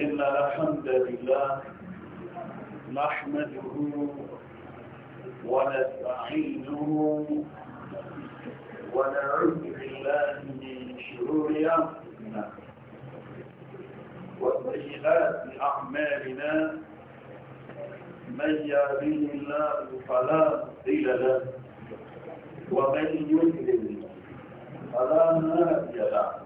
إن الحمد لله نحمده ونستعينه ونعوذ بالله من شرور أنفسنا وسيئات أعمالنا من يهده الله فلا مضل له ومن يضلل فلا هادي له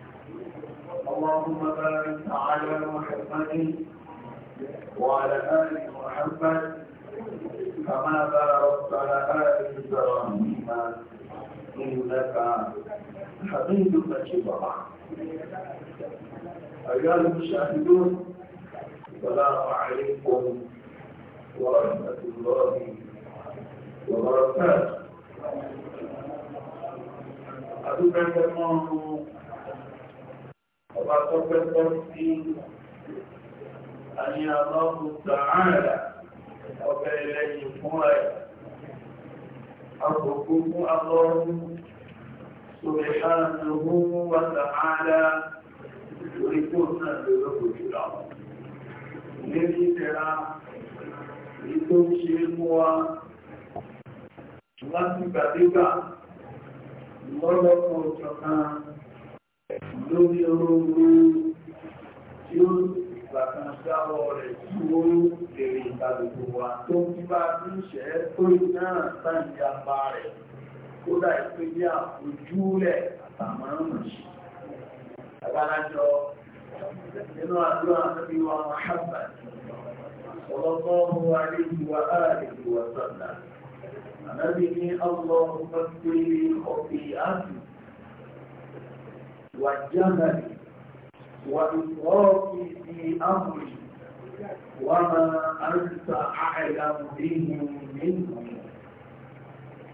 اللهم بارك على محمد وعلى آل محمد كما باركت على آل إبراهيم إنك حميد مجيد أيها المشاهدون السلام عليكم ورحمة الله وبركاته أدعو الله ọba tó pẹ́pẹ́ sí àyí àlọ́bù tààrà ọbẹ̀ ẹlẹ́yìn fún ẹ̀ àkókò fún àlọ́bù sùrìhánàwó wà tààrà orí tó náà lọ́rọ̀ òjúra lórí tẹ́ra èyí tó ṣe mú wa láti gbàdégbà lọ́lọ́pọ̀ lórí orogún tí ó bàtà sáwọ́ rẹ̀ tí ó lèrè ìgbàlùkù wà tó ń bá bí ṣẹ́ tó náà sáyà bá rẹ̀ kódà ìpínlẹ̀ àfojúlẹ̀ àtàmọ́ràn ṣe. Àgbàlájọ nínú àdúrà níbi wa Muhammad sallallahu alayhi wa alihi wa sallam. Ànábì ní Allah ń pẹ́ pé ọ̀pẹ̀ àdùn والجمل وإفراطي في أمري وما أنت أعلم به منه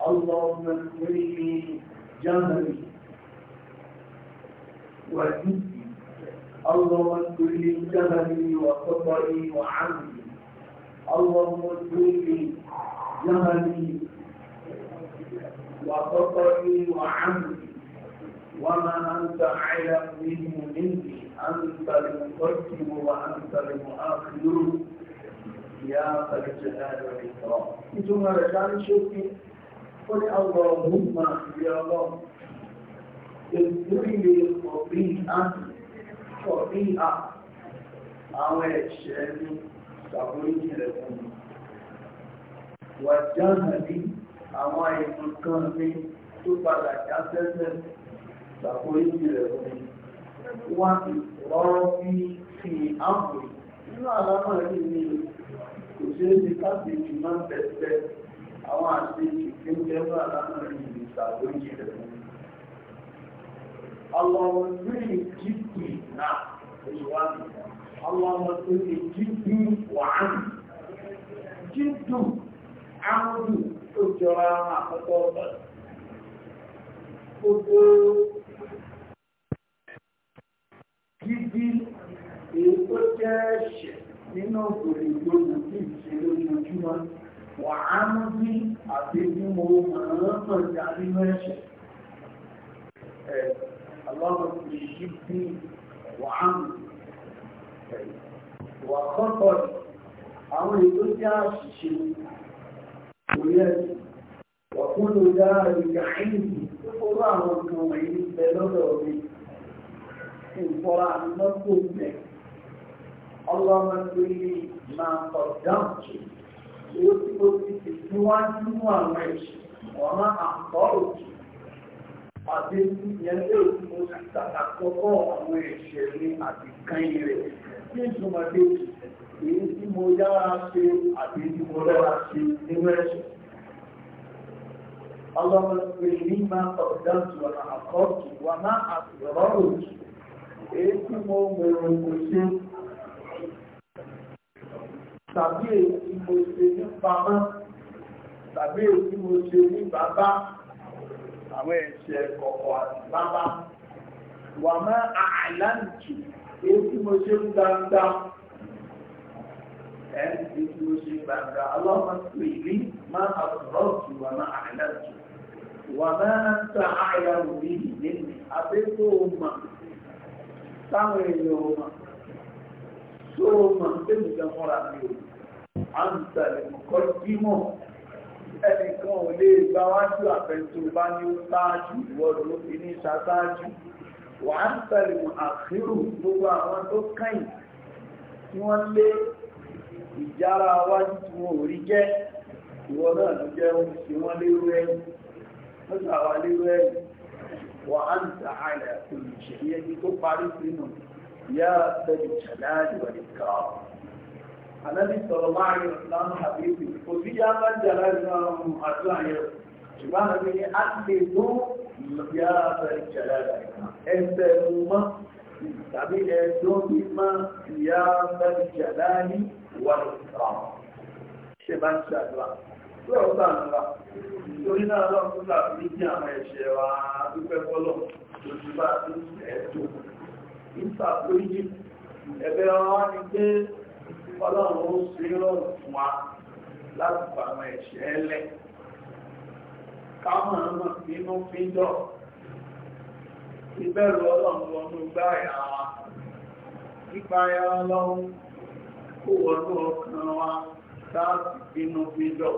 اللهم اغفر لي جملي وجدي اللهم اغفر لي جملي وعملي اللهم اغفر لي جملي وعملي وما أنت أعلم منه مني أنت المقدم وأنت المؤخر يا ذا والإكرام ثم رجعنا شوفي قل اللهم يا الله اغفر لي خطيئة خطيئة أو أشهد سأقول لكم وجهلي أو أي مكان tó padà ṣàforíjì rẹ̀ fún mi wá ọ̀rọ̀ fi fi àmì nínú àlámà rí ni kò ṣeé ṣe kábíyèsí máa ń tẹ̀sẹ̀ àwọn àṣejì tí ń tẹ́lú àlámà rí ni ṣàforíjì rẹ̀ fún mi. Àwọn ìlú ìjíkù náà ìwádìí àwọn ọmọ tó lè jíkù wàhánì dídí èyí tó jẹ́ ẹ̀ṣẹ̀ nínú ògbòdìgbòdò tí ìṣe lójoojúmọ́ wà á mú bí àbíjúmọ́ ọ̀rọ̀ ìdarí mẹ́ṣẹ̀ ẹ̀ aláwọ̀pẹ̀ yìí bí wà á mú wà kọ́kọ́ àwọn èyí jẹ́ àṣìṣe orí ẹ̀sìn wà kúrò dáa ìgbà ẹ̀yìn tó kọ́rọ̀ àwọn kan wọ̀nyí bẹ lọ́dọ̀ mi ìfọ́ra lọ́pọ̀ mẹ́. Ọlọ́mọ lórí máa kọ̀ dáhùn jù. Èyí tí mo ti fi níwájú mú àwọn ẹ̀ṣẹ̀ ọ̀nà àpọ̀ òjò. Àti ìyẹn lè mo ti tàkàkọ́kọ́ àwọn ẹ̀ṣẹ̀ ní àtìkányìn rẹ̀. Kí ìtumọ̀ dé èyí tí mo yára ṣe àti tí mo lọ́ra ṣe nínú ẹ̀ṣẹ̀. Ọlọ́mọ lórí máa kọ̀ dáhùn jù ọ̀nà àpọ̀ òjò wà máa àtìrọ̀rùn jù èyí tí mo mọ̀rọ̀ kò ṣe tàbí èyí tí mo ṣe ní pamọ́ tàbí èyí tí mo ṣe ní bàbá àwọn ẹ̀ṣẹ̀ kọ̀kọ̀ àti bàbá wà máa àìláǹtì èyí tí mo ṣe ń gbangba èyí tí mo ṣe gbangba aláwọ̀ máa àtúrọ̀tù wà máa àìláǹtì wà máa ń ta àyàwó yìí nínú abẹ́kọ̀ọ́ táwọn èèyàn ò mọ̀ tó o mọ̀ tẹ́lẹ̀ jẹ́ fúnra mi ò à ń tẹ̀lé kọ́ dímọ̀ ẹnìkan ò lè gba wájú àfẹ́ntò bá ní ó sáájú ìwọ́dọ̀ ló fi ní ṣáájú wà á ń tẹ̀lé àkírù gbogbo àwọn tó kàn tí wọ́n lé ìjára wájú tí wọ́n ò rí jẹ́ ìwọ ló jẹ́ wọ́n lérú ẹ̀yìn lọ́sàwà lérú ẹ̀yìn وأنت على كل شيء يعني تقارب منه يا ذا الجلال والإكرام النبي صلى الله عليه وسلم حبيبي وفي يا من جلال أجمعين سبحان بني أكلوا يا ذا الجلال والإكرام أنت أمة tàbí ẹ̀dùn يا ìyá الجلال والإكرام lọ́wọ́ sàánúwà torí náà lọ́wọ́ tó láti ní àwọn ẹ̀ṣẹ̀ wa dúpẹ́ bọ́lọ̀ lójú bá tó ẹ̀tọ́ ìsàkóríjì ẹ̀bẹ̀ wa ni pé ọlọ́run ó ṣe rọrùn fún wa láti pa nípa ẹ̀yà ọlọ́run kó wọnú ọkàn wa láti pinnu fíjọ́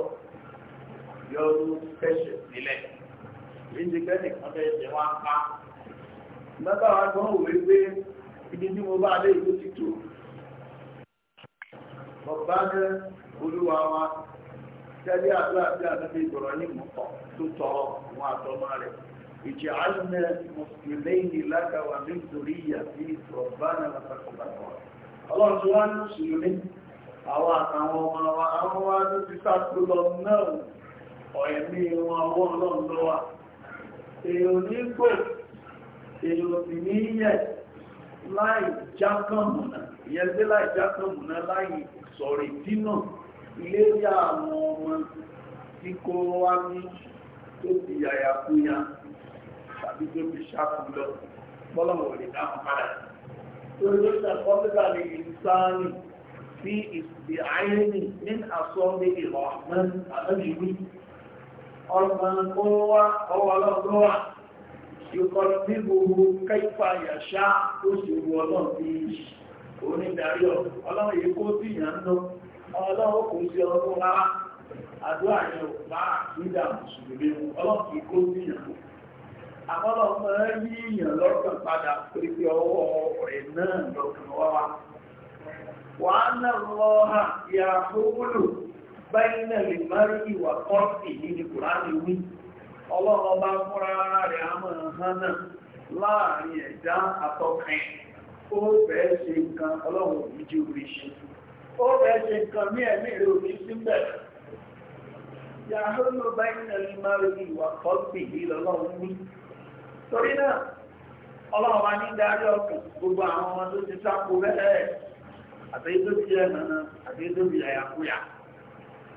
yọrù kẹsẹ̀ sílẹ̀ èyí ti gẹ́nì kan bẹ́ẹ̀ ṣe wá ń pa nígbà wa gbọ́n òwe pé ibi tí mo bá lé ìlú ti tò ọba jẹ́ olúwa wa tẹ́lẹ̀ àdúrà tí a ti gbọ̀rọ̀ ní mọ́tò tó tọrọ àwọn àtọmọ rẹ̀ ìjẹ́ àjùmẹ́ mùsùlùmí lágbàwà nítorí ìyàtí ọ̀bánà látàkùnbàtọ̀ ọlọ́run tí wọ́n ń sùn ní àwọn àtàwọn ọmọ wa àwọn wa tó ti sá ọ̀ẹ̀mí wọn ọwọ́ lọ́nlọ́wà èrò nígbò èrò sì ní yẹ̀ láì jákàmùnà ìyẹ́sẹ́ láì jákàmùnà láì sọ̀rì dínà ilé yà àwọn ọmọ tí kó wá ní tó ti yàyà kúnya tàbí tó ti ṣàkù lọ bọ́lọ̀wọ̀ lè dáhùn padà torí ló ṣàkọ́sílà ní ìsáàlì sí ìsìnkú àìrìn ní àsọ́ọ́lẹ̀ ìrọ̀ àmọ́ àmọ́ ìlú ọgbọ̀n kó wá ọwọ́ ọlọ́gbọ́wà yíkọ́ bí gbogbo kẹfà yàṣá ó sì wọ ọlọ́run bí onídàárí ọlọ́run yìí kó sí ìyàndó ọlọ́run kò sí ọlọ́run rárá àdúrà yẹn ò bá àkídà mùsùlùmí ọlọ́run kì í kó sí ìyàndó yí ìyàn lọ́kàn padà pẹ̀lú ọwọ́ rẹ̀ náà lọ́kàn wá wá náà lọ́ha ìyàfóòlù báyìí náà lè má rí ìwà kọ́ọ̀tì nínú kùránì wí ọlọ́run bá fúnra rẹ̀ àmọ́ hàn náà láàrin ẹ̀dá àtọkàn ó fẹ́ ṣe nǹkan ọlọ́run òbí jẹ́ orí ṣe ó fẹ́ ṣe nǹkan ní ẹ̀mí rẹ̀ òbí síbẹ̀ yàhóòlù báyìí náà lè má rí ìwà kọ́ọ̀tì nínú ọlọ́run wí torí náà ọlọ́run bá ní darí ọkàn gbogbo àwọn ọmọ tó ti sáko bẹ́ẹ̀ àtẹ́yẹ́dọ́bí ẹ̀ nànà àtẹ́yẹ́dọ́bí ẹ̀yàkúyà.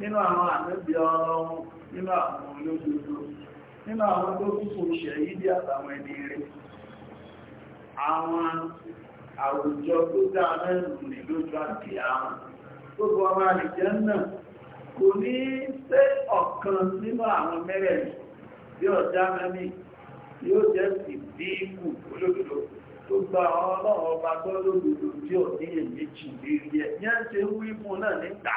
nínú àwọn àmẹ́bí ọrọ̀un nínú àwọn olóòdòdó nínú àwọn tó kúkú ṣẹ̀yí bí àtàwọn ẹni rẹ̀ àwọn àwùjọ tó dáa mẹ́rin ní lójú àti àwọn gbogbo ọmọ àlìjẹ́ náà kò ní ṣe ọ̀kan nínú àwọn mẹ́rẹ̀ẹ̀rin bí ọjà mẹ́mí yóò jẹ́ sí bí ikú olóòdòdó tó gba ọlọ́ọ̀ọ́ba tó lóòdòdó yẹn ṣe wí fún náà níta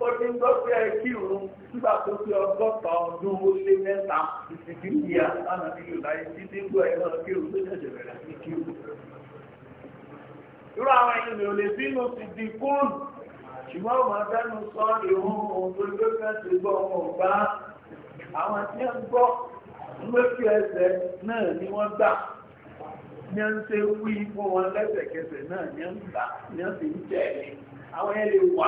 ó ní gbọ́pẹ́ kírun nígbà tó fi ọgọ́ta ọdún ó lé mẹ́ta ìsìnkú ìyá lánà nílò láyé tí dínkù ẹ̀ náà kírun tó ṣẹ̀ṣẹ̀ bẹ̀rẹ̀ sí kírun. irú àwọn ènìyàn lè bínú ti di kóòlù ṣùgbọ́n ọmọ abẹ́nu sọ ìhun ohun tó ló fẹ́ gbọ́ ọmọ ọ̀gbá àwọn tí ń ẹsẹ̀ náà ni wọ́n gbà ní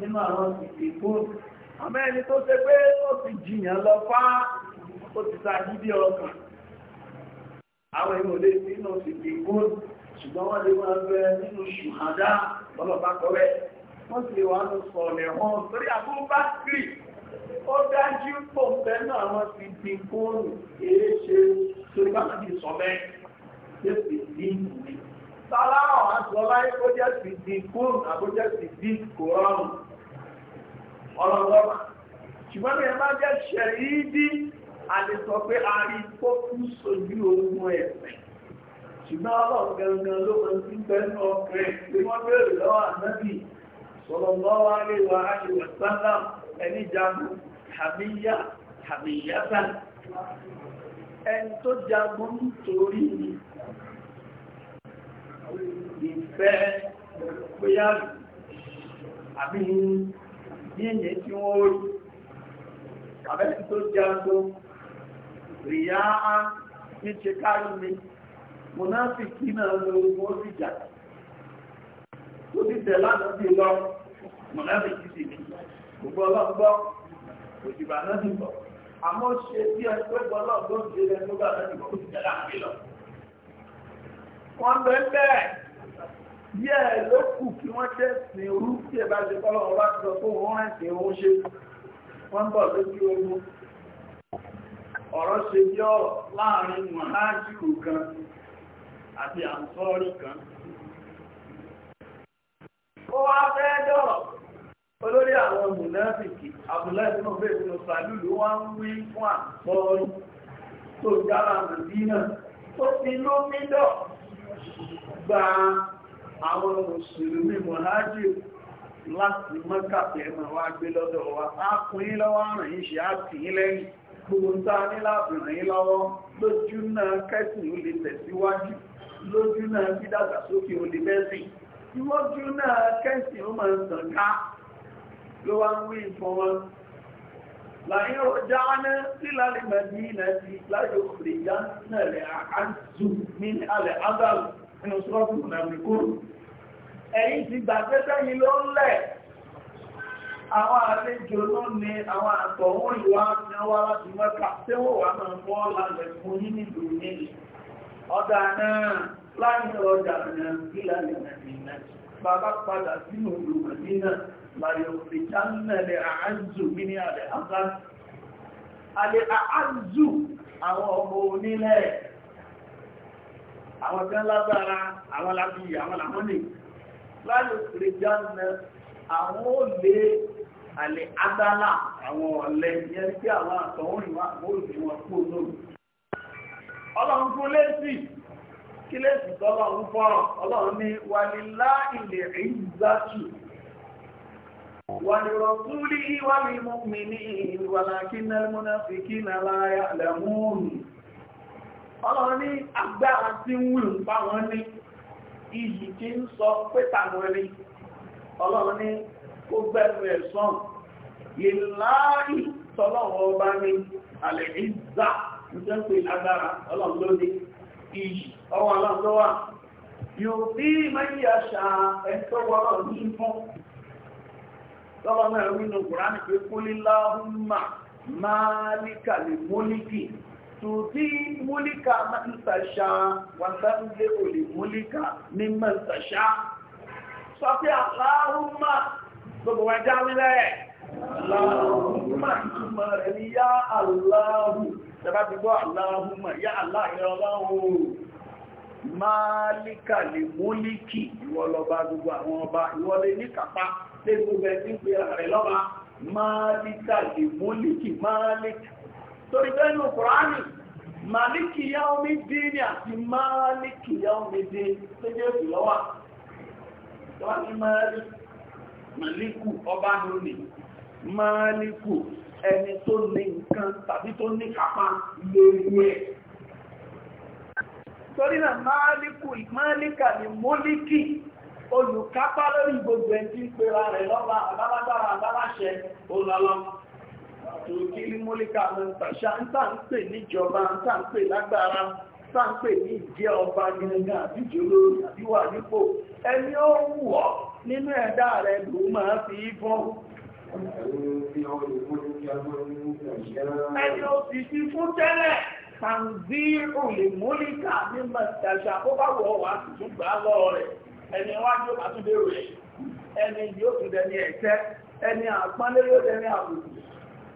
nínú àwọn ìpèkó àmọ́ ẹni tó ṣe pé ó ti jìyàn lọ fá ó ti sa gidi ọkàn àwọn èèyàn lè sí inú ìpèkó ṣùgbọ́n wọ́n lè máa bẹ nínú ṣùhádá ọlọ́pàá kọ́rẹ́ wọ́n sì wà ní sọ̀rọ̀ ẹ̀họ́n torí àbúrúbá kiri ó dájú pò bẹ́ẹ̀ náà wọ́n ti di kóòlù èé ṣe torí bá ti sọ bẹ́ẹ̀ ṣe sì di ìwé. sáláwọ̀ àti ọláyé kó jẹ́ sì di kóòlù àbójẹ́ sì di kòrọ́ọ̀nù ọlọ́lọ́mà ṣùgbọ́n bí ẹ bá jẹ́ ṣẹ̀yídí a lè sọ pé a rí kókú sojú ogun ẹ̀sìn ṣùgbọ́n ọlọ́run gangan ló mọ̀ sí pẹ́lú ọkùnrin pé wọ́n bèèrè lọ́wọ́ ànábì sọ̀rọ̀lọ́wọ́ àríwá àríwá sálà ẹni jagun hàmíyà hàmíyàtà ẹni tó jagun nítorí ìfẹ́ pé àbí yínyìn tí wọ́n rí àbẹ́sì tó jago ríyá á ní ṣe kárí mi mùnáfìkì náà ló mú ó sì jà tó ti tẹ̀ lánàá bí lọ mùnáfìkì sì ní gbogbo ọlọ́gbọ́ òṣìbà náà ti bọ̀ àmọ́ ṣe bí ẹni pé gbogbo ọlọ́gbọ́ ń ṣe ẹni tó bá náà ti bọ̀ ó sì tẹ̀ lánàá lọ wọ́n bẹ́ẹ̀ bẹ́ẹ̀ díẹ̀ ló kù kí wọ́n jẹ́ sin orú tí ẹ bá ṣe kọ́lọ̀ ọba sọ fún òun rẹ̀ sí òun ṣe wọ́n bọ̀ lójú ogun ọ̀rọ̀ ṣe yọ́ láàrin mọ̀hájìrù kan àti àǹsọ́rí kan ó wá fẹ́ dọ̀rọ̀ olórí àwọn mùnáfìkì abúlẹ́sìn náà bẹ́ẹ̀ nínú sàlúlù wá ń wí fún àǹsọ́rí tó jára nàìjíríà tó ti lómídọ̀ gba àwọn mùsùlùmí mọ̀hájì láti mọ́kàtẹ̀ ma wá gbé lọ́dọ̀ wa á kún yín lọ́wọ́ rìn yín ṣe á tì yín lẹ́yìn gbogbo tá a ní láti rìn yín lọ́wọ́ lójú náà kẹ́sìn ó lè tẹ̀síwájú lójú náà bí ó lè bẹ́sìn lójú náà kẹ́sìn ó máa tàn ká ló wá ń wí fún wọn láyé ọjà náà sílálẹ̀ mẹ́bí náà ti láyé òkèrè náà rẹ̀ àkáǹtù ní alẹ́ ábàlù nínú sọ́ọ̀tù nàìjíríkúrú ẹ̀yìn ti gbàgbé ló ń lẹ̀ àwọn àlejò ló ní àwọn àtọ̀wọ́ ìwà ní wá mẹ́ta tí wọ́n wà náà fún yín nílùú yìí ọ̀dà ọjà nàìjíríà ní àwọn ọmọ onílẹ̀ àwọn tí wọ́n lágbára àwọn lábí àwọn làwọn nì láyò kìrìjà nẹ àwọn ò lé àlè adálà àwọn ọ̀lẹ yẹn tí àwọn àtọ̀húnrìn wọn àmóòdì wọn kú olóòrùn ọlọ́run fún lẹ́sì kí lẹ́sì tọ́lọ́run fọ́rọ̀ ọlọ́run ní wàlílá ilẹ̀ ìgbàtù wàlírọ̀kúlì wàlímọ̀mìnì wàlákínà múnáfikínà láyà lẹ́múùnù ọlọ́run ní agbára tí ń wù ń bá wọn ní iyì tí ń sọ pé tàwọn ní ọlọ́run ní kó gbẹ́rù ẹ̀ sàn ìláàrí tọ́lọ́wọ́ ọba ní alẹ́ ìzà nítorí pé agbára ọlọ́run ló ní iyì ọwọ́ ọlọ́run yóò bí mẹ́yì àṣà ẹ̀tọ́ wọ́rọ̀ ní fún tọ́lọ́run ẹ̀rọ nínú tùtí múlíkà mẹ́tàṣà wàtàndé olè múlíkà ní mẹ́tàṣà sọ pé aláhùnmá gbogbo wa já lílẹ̀ aláhùnmá ìtumọ̀ rẹ̀ ní yá aláhù tẹ́bá ti gbọ́ aláhùnmá yá aláhìrẹ́ ọlọ́run máàlíkà lè múlíkì ìwọlọba gbogbo àwọn ọba ìwọlé ní kàpá lé gbogbo ẹ̀ tí torí bẹ́ẹ̀ ní Kùránì màlíkì yá omi dín ní àti máàlíkì yá omi dín méjèèjì lọ́wọ́ wọ́n ní màlíkù ọba lónìí máàlíkù ẹni tó ní nǹkan tàbí tó ní kápá lórí ẹ̀ torí náà máàlíkù máàlíkà ni mólíkì olùkápá lórí gbogbo ẹ̀ tí ń pera rẹ̀ lọ́ba àbálágbára àbáláṣẹ olùlọ́lọ́ tòókí límúlíkà mẹ́tàṣá ń tà ń pè níjọba ń tà ń pè lágbára tà ń pè ní ìjẹ́ ọba gẹ̀ẹ́gẹ́ àbíjòló àbíwà nípò ẹni ó wù ọ́ nínú ẹ̀dá rẹ̀ ló máa fi fún ẹni ó ti fi fún tẹ́lẹ̀ tàǹdí òlèmúlíkà ní mẹ́tàṣá ó bá wọ̀ wá tuntun gbà lọ rẹ̀ ẹni wájú àtúndé rẹ̀ ẹni yóò tún dẹni ẹ̀tẹ́ ẹni àpánlé yóò dẹni àbùkù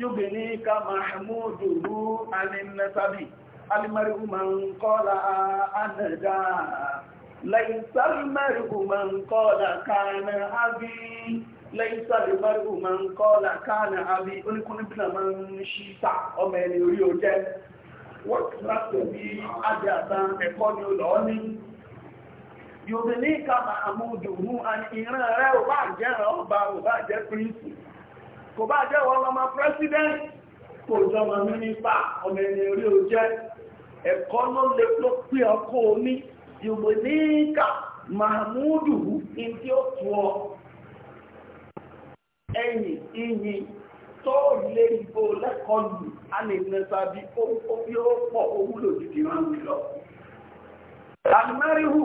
يبنيك محموده عن النسب المرء من قال أنجا ليس المرء من قال كان أبي lẹ́yìnsá lè bá rí òun máa ń kọ́ làkàánà àbí oníkúnníbìnà máa ń ṣí ta ọmọ ẹni orí o jẹ́ wọ́n ti láti bí ajé ẹ̀kọ́ ni ó lọ́ọ́ ní. mahmudu mú ìran rẹ̀ ò bá jẹ́ kò bá jẹ́ wọn lọ́mọ president kò jọmọ mínísítà ọmọ ẹni orí o jẹ́ ẹ̀kọ́ ló lè ló pé ọkọ̀ omi yòmò níkà mahmudu in tí ó tù ọ ẹ̀yìn ìyìn tó lè ìbò lẹ́kọ̀ọ́ lù á lè nẹ́ta bí ó pọ̀ owó lòdìdì rán mi lọ. àmì mẹ́rin hù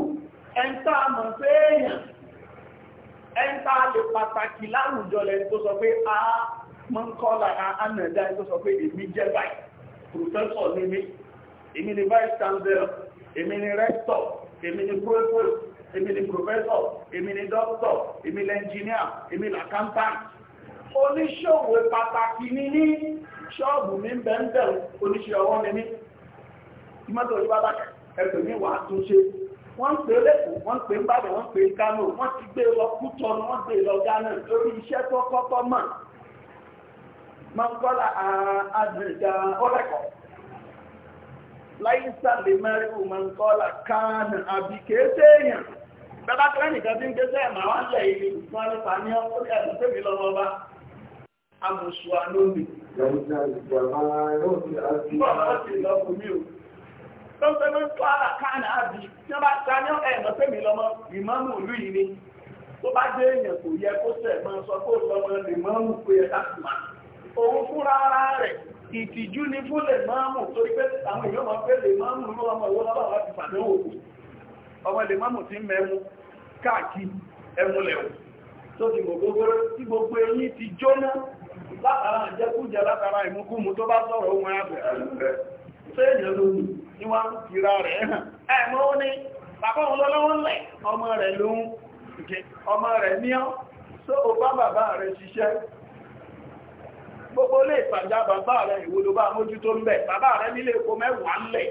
ẹ̀ńtà mọ̀ sí èèyàn ẹ̀ńtà lè pàtàkì láwùjọ lẹ́yìn tó sọ pé a mọ́ ń kọ́ lára ánàdá tó sọ pé èmi jẹ́ báyìí pòfẹ́sọ̀ ní mi èmi ni vice chancellor èmi ni rector èmi ni professor èmi ni professor èmi ni doctor èmi ni engineer èmi ni accountant oníṣòwò pàtàkì ní ní ṣọ́ọ̀bù mi ń bẹ̀ ń bẹ̀ oníṣẹ́ ọwọ́ mi ní mọ́tò orí bàbá ẹ̀sùn mi wà á tún ṣe wọ́n ń pè lẹ́kọ̀ọ́ wọ́n ń pè ńbàdàn wọ́n pè kánò wọ́n ti gbé e lọ kútọ́nù wọ́n gbé e lọ lórí iṣẹ́ tó kọ́kọ́ mọ̀ mọ́ńkọ́lá àdìgà ọ̀rẹ́kọ̀ láyé sàlẹ̀ mẹ́rin mọ́ńkọ́lá kánà àbí kéésè èèyàn bẹ́bá tó lẹ́nìkan tó ń sẹ́nu tó ara káàna àbí tí wọ́n bá ta ní ẹ̀ mọ̀ pé mi lọ́mọ ìmọ̀mù ìlú yìí ni tó bá dé èèyàn kò yẹ kó sẹ̀ mọ́ sọ pé lọ́mọ lè mọ́mù pé ẹ láti máa òun fúnra ara rẹ̀ ìtìjú ni fún lè mọ́mù torí pé àwọn èèyàn máa pé lè mọ́mù ló ọmọ ìwọ́n lọ́wọ́ láti pàdé òkú ọmọ lè mọ́mù ti mẹ́mu káàkiri ẹmu lẹ̀wọ̀ tó ti gbogbo tí gbogbo eyín ti jóná látara àjẹkújẹ látara ìmúkúmu tó bá sọ̀rọ̀ ohun ẹ̀ ṣé èèyàn ló ní ní wá ń kira rẹ̀ hàn ẹ̀mọ́ ó ní bàbá òun lọ́lọ́wọ́ lẹ̀ ọmọ rẹ̀ ló ń ọmọ rẹ̀ ní ọ́ só o bá bàbá rẹ̀ ṣiṣẹ́ gbogbo lè pàjá bàbá rẹ̀ ìwòlò bá mójútó ń bẹ̀ bàbá rẹ̀ nílé epo mẹ́wàá lẹ̀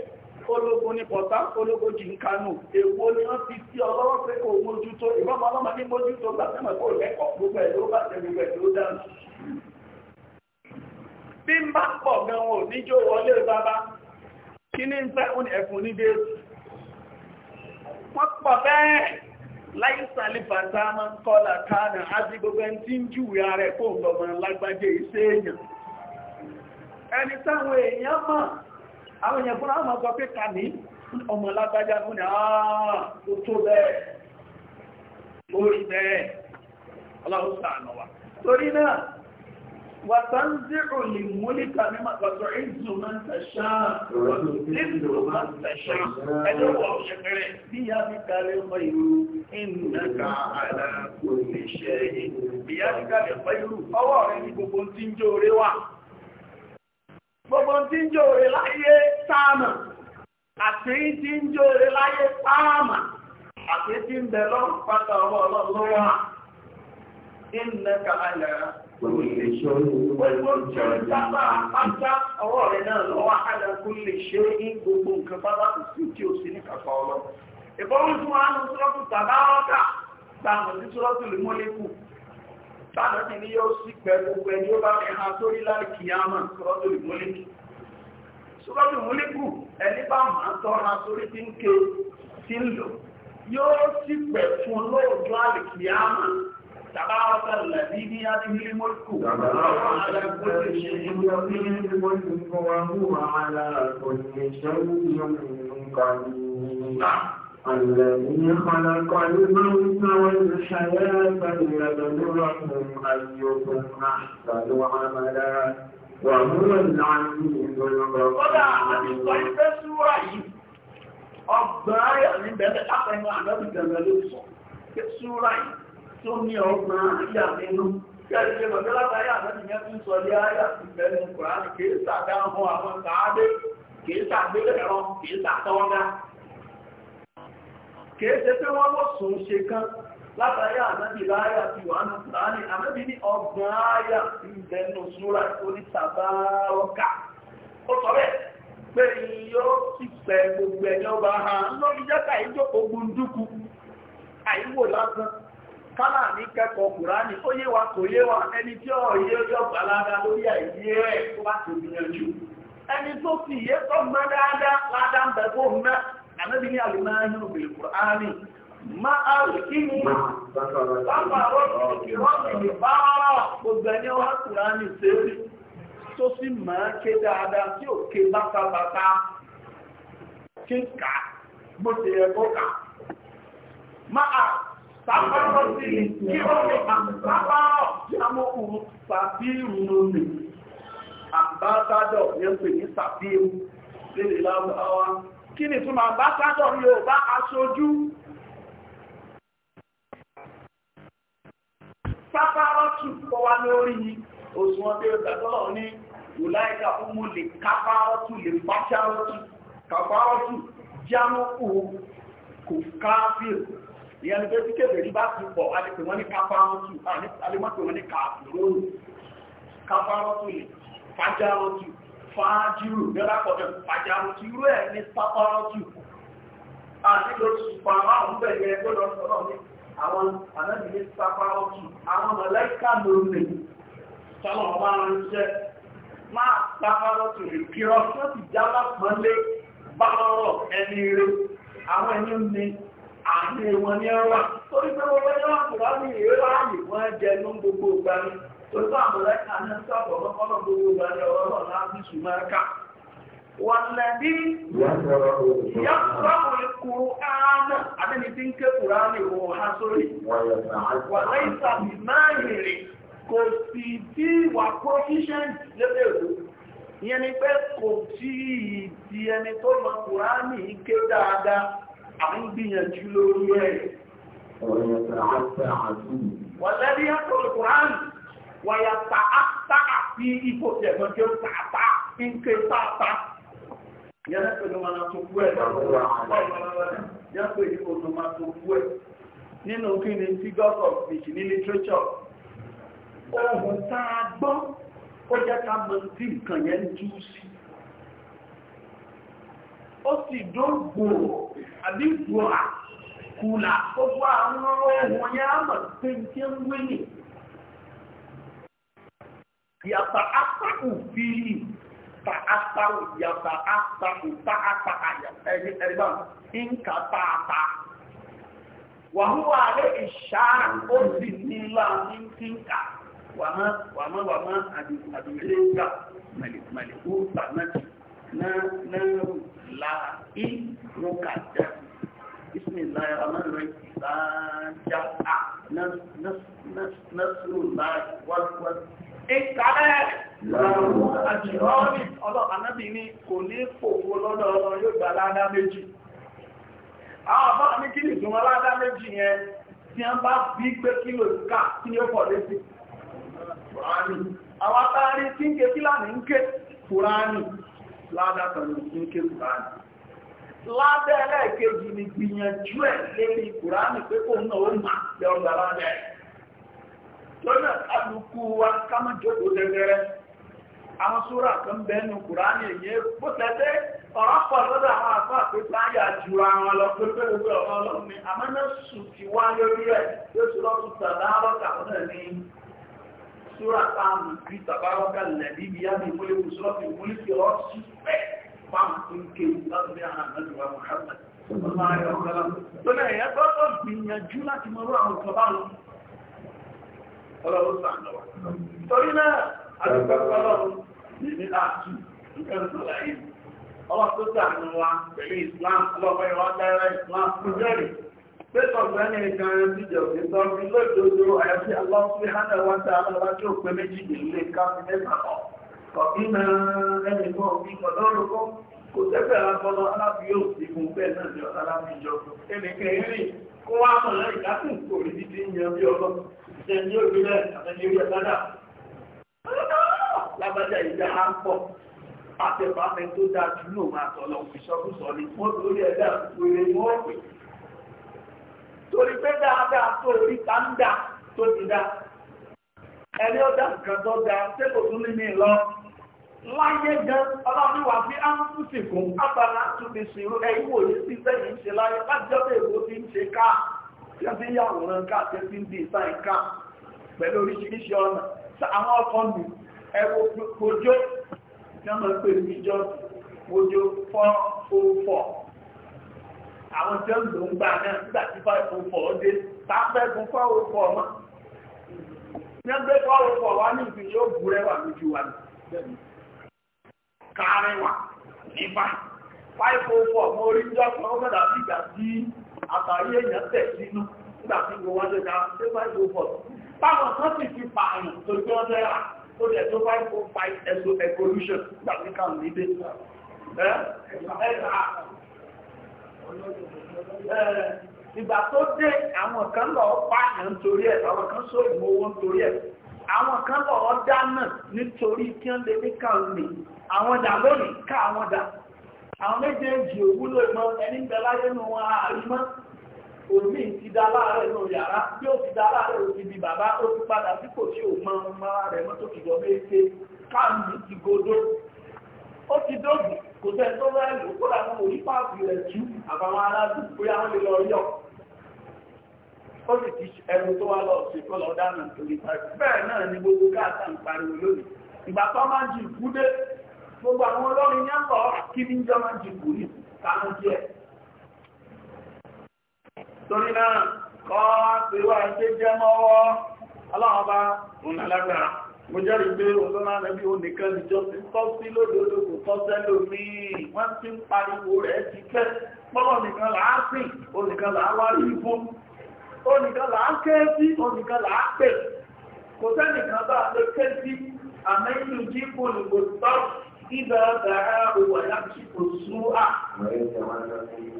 ológun ní pọ̀tá ológun jì ń kánú èwo ni wọ́n fi sí ọlọ́wọ́ pé kò mójútó ìbọ́mọ ọlọ́mọ ní mójútó Kini ń fẹ́ ẹ̀fún ní déètì wọ́n pọ̀ bẹ́ẹ̀ láì sàlẹ̀ máa ń kọ́lá káàdà àti gbogbo ẹni tí ń júwe ààrẹ kó ń lọ́mọ lágbájé iṣẹ́ èèyàn ẹni táwọn èèyàn mọ̀ àwọn èèyàn وتنزع الملك مما وتعز من تشاء وتذل من تشاء ادعو شكره بيدك الخير انك على كل شيء بيدك الخير ọwọ́ rẹ ni gbogbo tí ń jó ore wà gbogbo tí ń jó ore láyé táàmà àti tí ń jó ore láyé táàmà àti tí ń bẹ lọ́rùn pátá ọwọ́ ọlọ́run lọ́wọ́ pẹ̀lú ìṣe olówó. Pẹ̀lú oúnjẹ ọjà máa pátá ọwọ́ rẹ̀ náà lọ wá ádá kó lè ṣe ní gbogbo nǹkan bábá kò sí tí ò sí ní kàkọ́ ọlọ́. Ìbọn tún wá ní sọ́kù tàbá ọ̀kà táwọn tí sọ́kù lè mọ́lẹ́kù. Báwo ni ni yóò sì pẹ̀ ẹni ó bá mi ha sórí láì kìyàmà sọ́kù lè mọ́lẹ́kù. Sọ́kù ẹni bá máa tọ́ra sórí tí ń ké tí ń lò yóò sì pẹ̀ fún lóòjọ́ àlè تبارك الذي بيده الملك على كل شيء يقين الملك وهو على كل شيء قدير الذي خلق الموت والحياة ليبلوكم أيكم أحسن عملا وهو العزيز الغفور Ọgbà ayọ̀ ní bẹ̀rẹ̀ lápẹ̀mọ́ àdọ́bìtẹ̀mẹ̀ ló sọ, ṣúra tí ó ní ọgbọ̀n àyà nínú kẹ́ẹ̀ṣẹ́ lọ́gbẹ́lápáyà náà ìyẹn tún sọ lé àyà sí ìbẹ̀rẹ̀ kùránì kìí sàdáhùn àwọn sàádé kìí sàgbélẹ̀rọ kìí sàtọ́gá kìí ṣe pé wọ́n lọ́sùn ṣe kan látàrí ànábì láyà ti wà ní kùránì ànábì ní ọgbọ̀n àyà sí ìbẹ̀rẹ̀ sùúrà tó ní sàbárọ́kà ó sọ bẹ́ẹ̀ pé yóò sì pẹ̀ gbogbo ẹ̀yọ́ bá hàn lórí jẹ́ka ìjókòó gbundúkú àyíwò lásán kálà ní kẹ́kọ̀ọ́ kùránì ó yé wa kò yé wa ẹni tí ó yé ọjọ́ gbàlága lórí àìyé ẹ̀ tó bá ti gbìyànjú ẹni tó fi yé tó mọ́ dáadáa ládá ń bẹ̀ fún mẹ́ àmẹ́bí ní àlùmọ́ nínú ìlú kùránì máa rò kí ni lápá rọ́ọ̀tì ìrọ́ọ̀tì bá gbogbo ẹni wá kùránì sẹ́rí tó sì máa ké dáadáa tí ò ké bátabàtà kí kà bó ti yẹ kà máa sábàtọ̀ sí kí ó fi àbábáọ̀ jámọ́kù sàfíìrù lónìí àbátádọ̀ yẹ́ pè ní sàfíìrù lédè lábáwá kí ni túnmọ̀ àbátádọ̀ yóò bá aṣojú sábàrọ̀tù kọ́ wá lórí òṣùwọ̀n tí ó dàtọ́lọ̀ ní ìwòláìka ọmọ lè kábàrọ̀tù lè báṣárọ̀tù kábàrọ̀tù jámọ́kù kò káfíìrù ìyẹn ni pé tí kébèrè bá ti pọ̀ a lè pè wọ́n ní káfárọ́tù a lè mọ́tò wọ́n ní kàfúróòrù káfárọ́tù lè fájárọ́tù fájírù mẹ́rà pọ̀jọ́ fájárọ́tù irú ẹ̀ ní pápárọ́tù a nílò ṣùpàmọ́ àwọn bẹ̀rẹ̀ gbọ́dọ̀ sọ̀rọ̀ ní àwọn ànábì ní pápárọ́tù àwọn mọ̀lẹ́kà lónìí sọ́nà ọba ránṣẹ́ máa pápárọ́tù lè kírọ́ tí ó ti já lápọ́nlé bá ọ̀rọ̀ ẹni rẹ̀ àwọn ẹni ní àmì wọn ní ọwà torí pé wọ́n wáyé wà kùrá ní ìwé láàyè wọ́n jẹ ní gbogbo ìgbà ní torí pé àmọ̀lẹ́kà ní sábọ̀ lọ́kọ́nà gbogbo ìgbà ní ọwọ́ náà láti sùn máa ká wàlẹ́bí yàtọ̀ ìkùrù ààrẹ àdẹ́ni tí ń ké kùrá ní ìwọ̀n ha sórí wàlẹ́ ìsàmì máa rìnrìn kò sì tí wà proficient lẹ́lẹ́ ìlú ìyẹn ni pé kò tí ì di ẹni tó mọ kùrá ní ike dáadáa à ń gbìyànjú lórí ẹ̀ wọ̀lẹ́bí ẹ̀kọ́ ìkùrán wọ̀yàtà ápá àti ipò tẹ̀mọ́ tí ó tààtà ń ké tààtà yẹn pé ní wọn tó kú ẹ̀ yẹn pé ní wọn tó kú ẹ̀ nínú kí ni figures of speech ní literature ohun tá ó jẹ́ ká mọ̀ sí nǹkan yẹn ń sí ó sì dógbò àbí gbòà kùlà gbogbo àwọn ohun yẹn á mọ̀ pé kí ń wí nì. Yàtà apákù fi ta apáwò yàtà apákù ta apá àyà ẹni ẹni bá nǹkan tá a ta. Wàhúwà lé ìṣára ó sì nílò ní kíkà wàmọ́ wàmọ́ wàmọ́ àdìgbò àdìgbò lè gbà mẹ̀lẹ̀kú tànájì láìláìláìlókàjá bismillahirrahmanirrahim láàjá násùláì wọ́n ìkàlẹ̀ láwọn àjìrọ́rì ọlọ́pàánábì ní kò ní fòwò lọ́dọ̀ ọlọ́ yóò gbà ládá méjì àwọn àbá ní kí nìtùmọ̀ ládá méjì yẹn tí a bá bí pé kílò ká kí ni ó pọ̀ lé sí Kùránì àwọn atari tí ń ké kí láàrin ń ké ládà kan ní kí n ké kùránì ládà ẹlẹ́ẹ̀kejì ni gbìyànjú ẹ̀ lérí kùránì pé kò ń náà ó mà lẹ́ ọgbà ládà ẹ̀ lọ́nà kálukú wa ká má jókòó tẹ́tẹ́rẹ́ àwọn súrà kan bẹ́ẹ̀ nu kùránì èyí bó tẹ́tẹ́ ọ̀rọ̀ pọ̀ lọ́dọ̀ àwọn àfáà pé báyà jura wọn lọ pé pé ọlọ́run ni àmọ́ náà sùn ti wá lórí rẹ̀ súra táàmù bí tàbárọ́kà lẹ̀bí bí yáàbí múlé mùsùlọ́pì múlé fi ọ́ sí pẹ́ fáàmù tó ń ké lábẹ́ àhànàdùwà Muhammad tó lè yẹ gbọ́dọ̀ gbìyànjú láti mọ̀rọ̀ àwọn ìjọba lọ ọlọ́run sàánàwà torí náà àdúgbàkọ́lọ́run ní ní àtú nǹkan tó láyé ọlọ́run tó pé ọ̀gbẹ́ni kan jíjọ ní sọ́ọ́bí lójoojú àyàfi aláwọ̀sí hánà wá sí aláwọ̀ tí ó pé méjìlélé káfí mẹ́ta ọ̀ kọ̀bí náà ẹnì kan òbí kan lórúkọ kò tẹ́fẹ̀ lábọ́lọ́ aláàbí yóò sí fún bẹ́ẹ̀ náà ní ọ̀tá láti jọ ẹnìkan ìrì kó wá mọ̀ lẹ́yìn láti kò rí títí ń yan bí ọlọ́ ìṣẹ́ ní òbí rẹ̀ àtẹ́ni orí torí pé dáadáa tó orí ta ń dà tó ti dá ẹni ó dá nǹkan tó dá tí kò tún ní lọ láyé gan ọlọ́run wà bí á ń kú sí kún agbára túnbí ẹ̀yìn wò ní sí sẹ́yìn ń ṣe láyé lájọ́ bẹ́ẹ̀ ló ti ń ṣe ká tí ti yàwòrán ká tí ti ń di ìsáyìn ká pẹ̀lú oríṣiríṣi ọ̀nà àwọn ọkọ̀ mi ẹ̀wọ̀ kojó tí wọ́n máa ń pè ní ìjọ kojó 404 àwọn tí ó ń lò ń gbà náà nígbà tí five oh four dé bá fẹ́ fún four oh four mọ́ yẹn gbé four oh four wá ní ìpín yóò bu rẹwà lójú wa ní kárin wa ní báyìí five oh four mo rí jọ́ kan ó gbọ́dọ̀ sí ìgbà tí àtàrí èèyàn tẹ̀ sínú nígbà tí mo wájú ká ṣé five oh four báwọn kan sì ti pààyàn tó tí rà ó lè tó five oh five ẹ̀sùn evolution ìgbà tó dé àwọn kan lọ pààyàn nítorí ẹ̀ àwọn kan sọ ìmọ̀ owó nítorí ẹ̀ àwọn kan lọ dáná nítorí kí wọ́n lè ní kàn lè àwọn dà lónìí ká àwọn dà àwọn méjèèjì òwúlò ìmọ̀ ẹni bẹ láyé nu wọn àrímọ́ òmí ti da láàárẹ̀ nù yàrá bí ó ti da láàárẹ̀ ó ti di bàbá ó ti padà sí kò tí ò mọ ọmọ rẹ̀ mọ́tò kìjọ méje káàmì ti godó ó ti dógùn sẹ́ tó bá lò kó làwọn òní páàpù rẹ̀ tú àbáwọn aládùúgbò àwọn lè lọ yọ. ó sì ti ẹrù tó wá lọ sí kọ́ lọ dáná torí páàpù. bẹ́ẹ̀ náà ni gbogbo káàtà ń pariwo lónìí. ìgbà tó máa ń jì kú dé gbogbo àwọn olórin yẹn lọ kí ní jọ máa ń jì kú ní kánú díẹ̀. torí náà kọ́ àpèwà ṣe jẹ́ mọ́wọ́ ọlọ́run bá òun lálágbára mo jẹ́rìí pé olóra rẹ̀ bí o nìkan níjọ́ ti tọ́ sí lódodo kò tọ́ sẹ́lò míì wọ́n ti ń pariwo rẹ̀ ti fẹ́ pọ́lọ̀ nìkan là á sìn o nìkan là á wá rí fún o nìkan là á ké sí o nìkan là á pè kò sẹ́nìkan bá a lè ké sí àmẹ́yìn jí kò lè tọ́ ìdá dàrá òwò àyàkí kò sú à.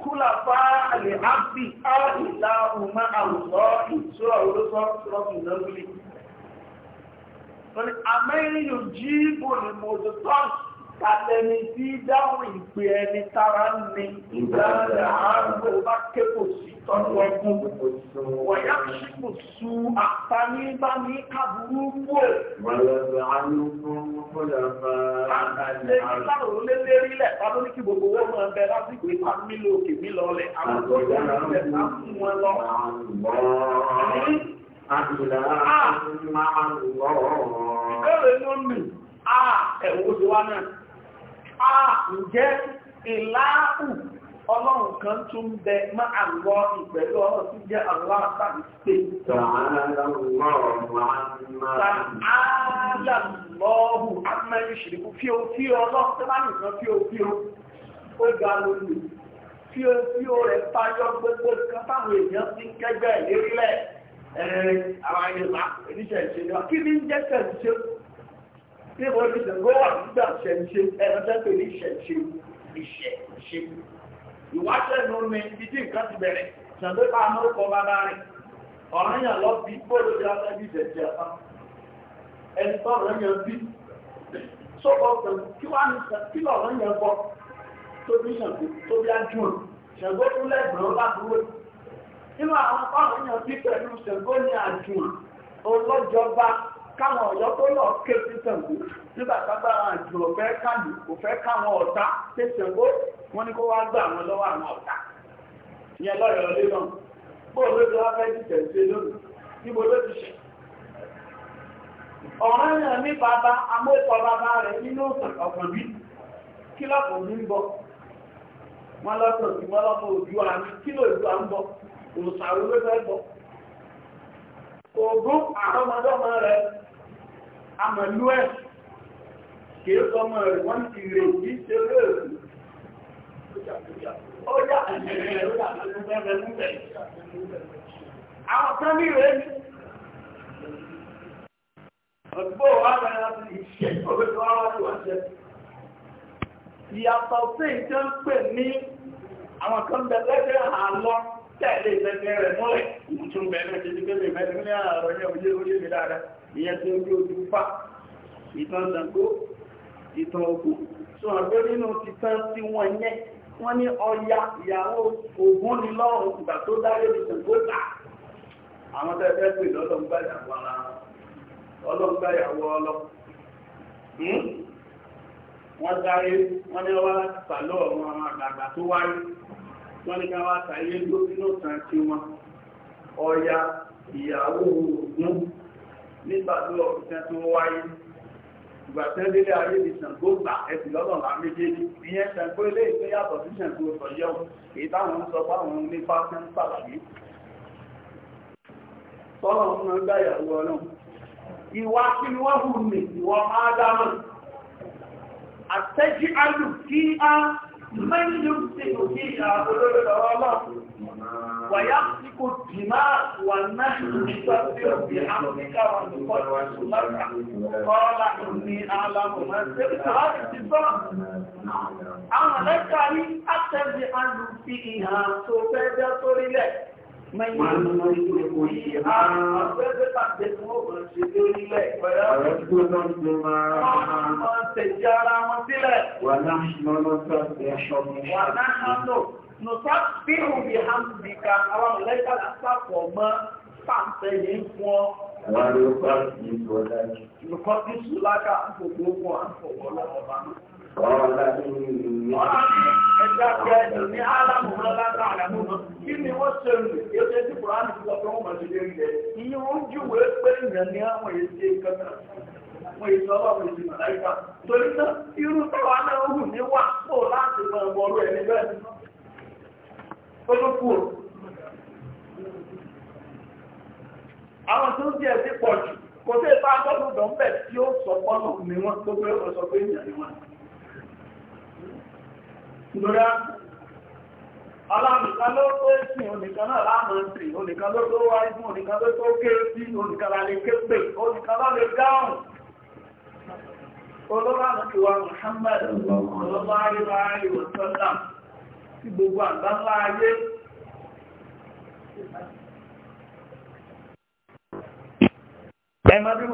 kúlà fá àlè ábì á ìlà òun máa àwùjọ ìṣúra olóṣọ́ rọ́bì náà wọ́n ní amẹ́yìnyò jíìbò ni mo ti tọ́ kàtẹ́ni tí dáhùn ìpè ẹni tara ń ní ìdáhùn àárò bá kéko sí tọ́jú ọkùn wọ̀nyá kíkò sú àtàní bá ní kàbúrú wò. wàlọ́dọ̀ alùpùpù fúnra máa. àtàlẹ́ ìlànà olélẹ́rí lẹ̀ tàbí Àdìlá máa lọ. Ìbéèrè ló ń mì, à ẹ̀wọ́ ti wá náà. À ǹjẹ́ ìláàkù ọlọ́run kan tún bẹ máa àlọ́ ìpẹ̀lú ọ̀rọ̀ tí jẹ́ àlọ́ àtàrí pé. Tààlà lọ́ọ̀rùn àmẹ́rìnṣìrìkú fí o fí ọlọ́run tó bá nìkan fí o fí o. Ó ga lónìí. Fí o fí o rẹ̀ fáyọ́ gbogbo kan táwọn èèyàn ti kẹ́gbẹ́ lérílẹ̀ ẹ̀rẹ̀ àwọn ayélujára oníṣẹ́ ìṣe ni wọ́n kí ní jẹ́ ṣẹ̀ṣe tí wọ́n ti sọ̀rọ̀ wà nígbà ṣẹ̀ṣe ẹ̀rọ tẹ́tò ní ṣẹ̀ṣe ìṣẹ̀ṣe ìwáṣẹ́ inú mi títí nǹkan ti bẹ̀rẹ̀ ṣàǹdé bá mọ́ kọ́ bàbá rẹ̀ ọ̀ràn yàn lọ bí bóyá ti wá sẹ́bí ìṣẹ̀ṣe ọ̀tá ẹni tọ́rọ̀ yàn bí sọ́kọ̀ pẹ̀lú kí wàá ní kí lọ́rọ̀ yàn bọ́ tóbi ṣàǹdé tóbi ájú nínú àwọn táwọn èèyàn bí pẹ̀lú ṣẹ̀gbó ní àjùn káwọn ọ̀yọ́ tó lọ ké sí ṣẹ̀gbó nígbà tábà àjùn ọ̀fẹ́ kàlù kò fẹ́ káwọn ọ̀tá pé wọn ni kó wá gbà wọn lọ́wọ́ àwọn ọ̀tá ìyẹn lọ́yọ̀ lé náà bó ló ti wá fẹ́ dìtẹ̀ sí lónìí níbo ló ti ṣe ní bàbá amóòtọ́ bàbá rẹ̀ nínú ọ̀sán òòsàn àwọn olóògbé bọ̀. Ògún àrọ́mọdọ́mọ rẹ̀ àmàlú ẹ̀ kìí sọmọ rẹ̀ wọ́n ti rè kí ṣe lóòrùn. Ó yà àjẹ̀rẹ̀ rẹ̀ ó yà àjẹ̀rẹ̀ múbẹ̀. Àwọn kan ní rẹ̀ ní. Ọ̀gbọ́ wa bẹ̀rẹ̀ láti ìṣẹ́ òwe tó wá wá ní wọ́n jẹ. Ìyàtọ̀ sí ìjọ ń pè ní àwọn kan bẹ̀rẹ̀ lẹ́gbẹ̀ẹ́ àlọ́. tẹ̀lé ìfẹ́fẹ́ rẹ̀ mọ́lẹ̀ tún bẹ̀rẹ̀ ti dípé lè mẹ́rin ní ààrọ̀ ní òye orí mi dáadáa ìyẹn tí wọ́n ní Ọya ìyàwó ni lọ́rùn ìgbà tó dáyé ní àwọn pè ọlọ́ hmm? wọ́n dáyé wọ́n ní pàlọ́ àgbàgbà tó wọ́n ní ká wá tàyé lóbínú kan tí wọ́n ọya ìyàwó ogun nígbà tó ọ̀pìtẹ́ tó wáyé ìgbà tẹ́ délé ayé ní ṣàǹgó gbà ẹ̀sìn lọ́dọ̀ là méjèèjì ìyẹn ṣàǹgó ilé ìpín yàtọ̀ sí ṣàǹgó sọ̀yẹ́ o èyí táwọn ń sọ fáwọn nípa tó ń pàlàyé tọ́lọ̀ ń ná gbà ìyàwó ọlọ́run ìwà kí ni wọ́n hù mí ìwọ máa dáhùn àtẹ́jú alù kí á من يمسك فيها قلوب العلماء ويحرق الدماء ونحن نسبح بحمدك ونقدس لك قال اني اعلم ما سرت هذا الاتفاق اما لك ان اتبع فيها سبحانه Nùsáfíhù bí hàmdìkà àwọn ọ̀lẹ́gbà lápapọ̀ mọ́ pàǹtẹ̀ yìí fún ọ. Wọ́n ló kọ́ sí ìbọ̀lá. Nùkọ́ sí ṣùlákà fògbógún àfọ̀gbọ́lá ọba náà. Ọ̀rọ̀lá ní ìrìnlẹ̀. Ẹjá kẹ́ ìrìnlẹ̀ alámùrọ̀ látàrí àmúmọ̀. Kí ni wọ́n ṣe rẹ̀? Yóò ṣe tí Kùránì fún ọkọ̀ wọn mọ̀ sí lé ilẹ̀. Iye oúnjẹ wo pé ìrìnlẹ̀ ni àwọn èdè kankan. Wọ́n tó ń jẹ́ ẹ̀sìn pọ̀ Kò tí ó sọ pọ́nà ni wọ́n tó fẹ́ sọ pé ìyàn ni lóra alámìkan ló tó sí onìkan náà láàmà ń sìn onìkan ló tó wáyé fún onìkan ló tó ké sí onìkan la lè képe onìkan ló lè dáhùn olóra àti wa Muhammad ọlọ́lá àríwá àríwá sọ́lá sí gbogbo àgbáńlá ayé ẹ̀mọ́ bí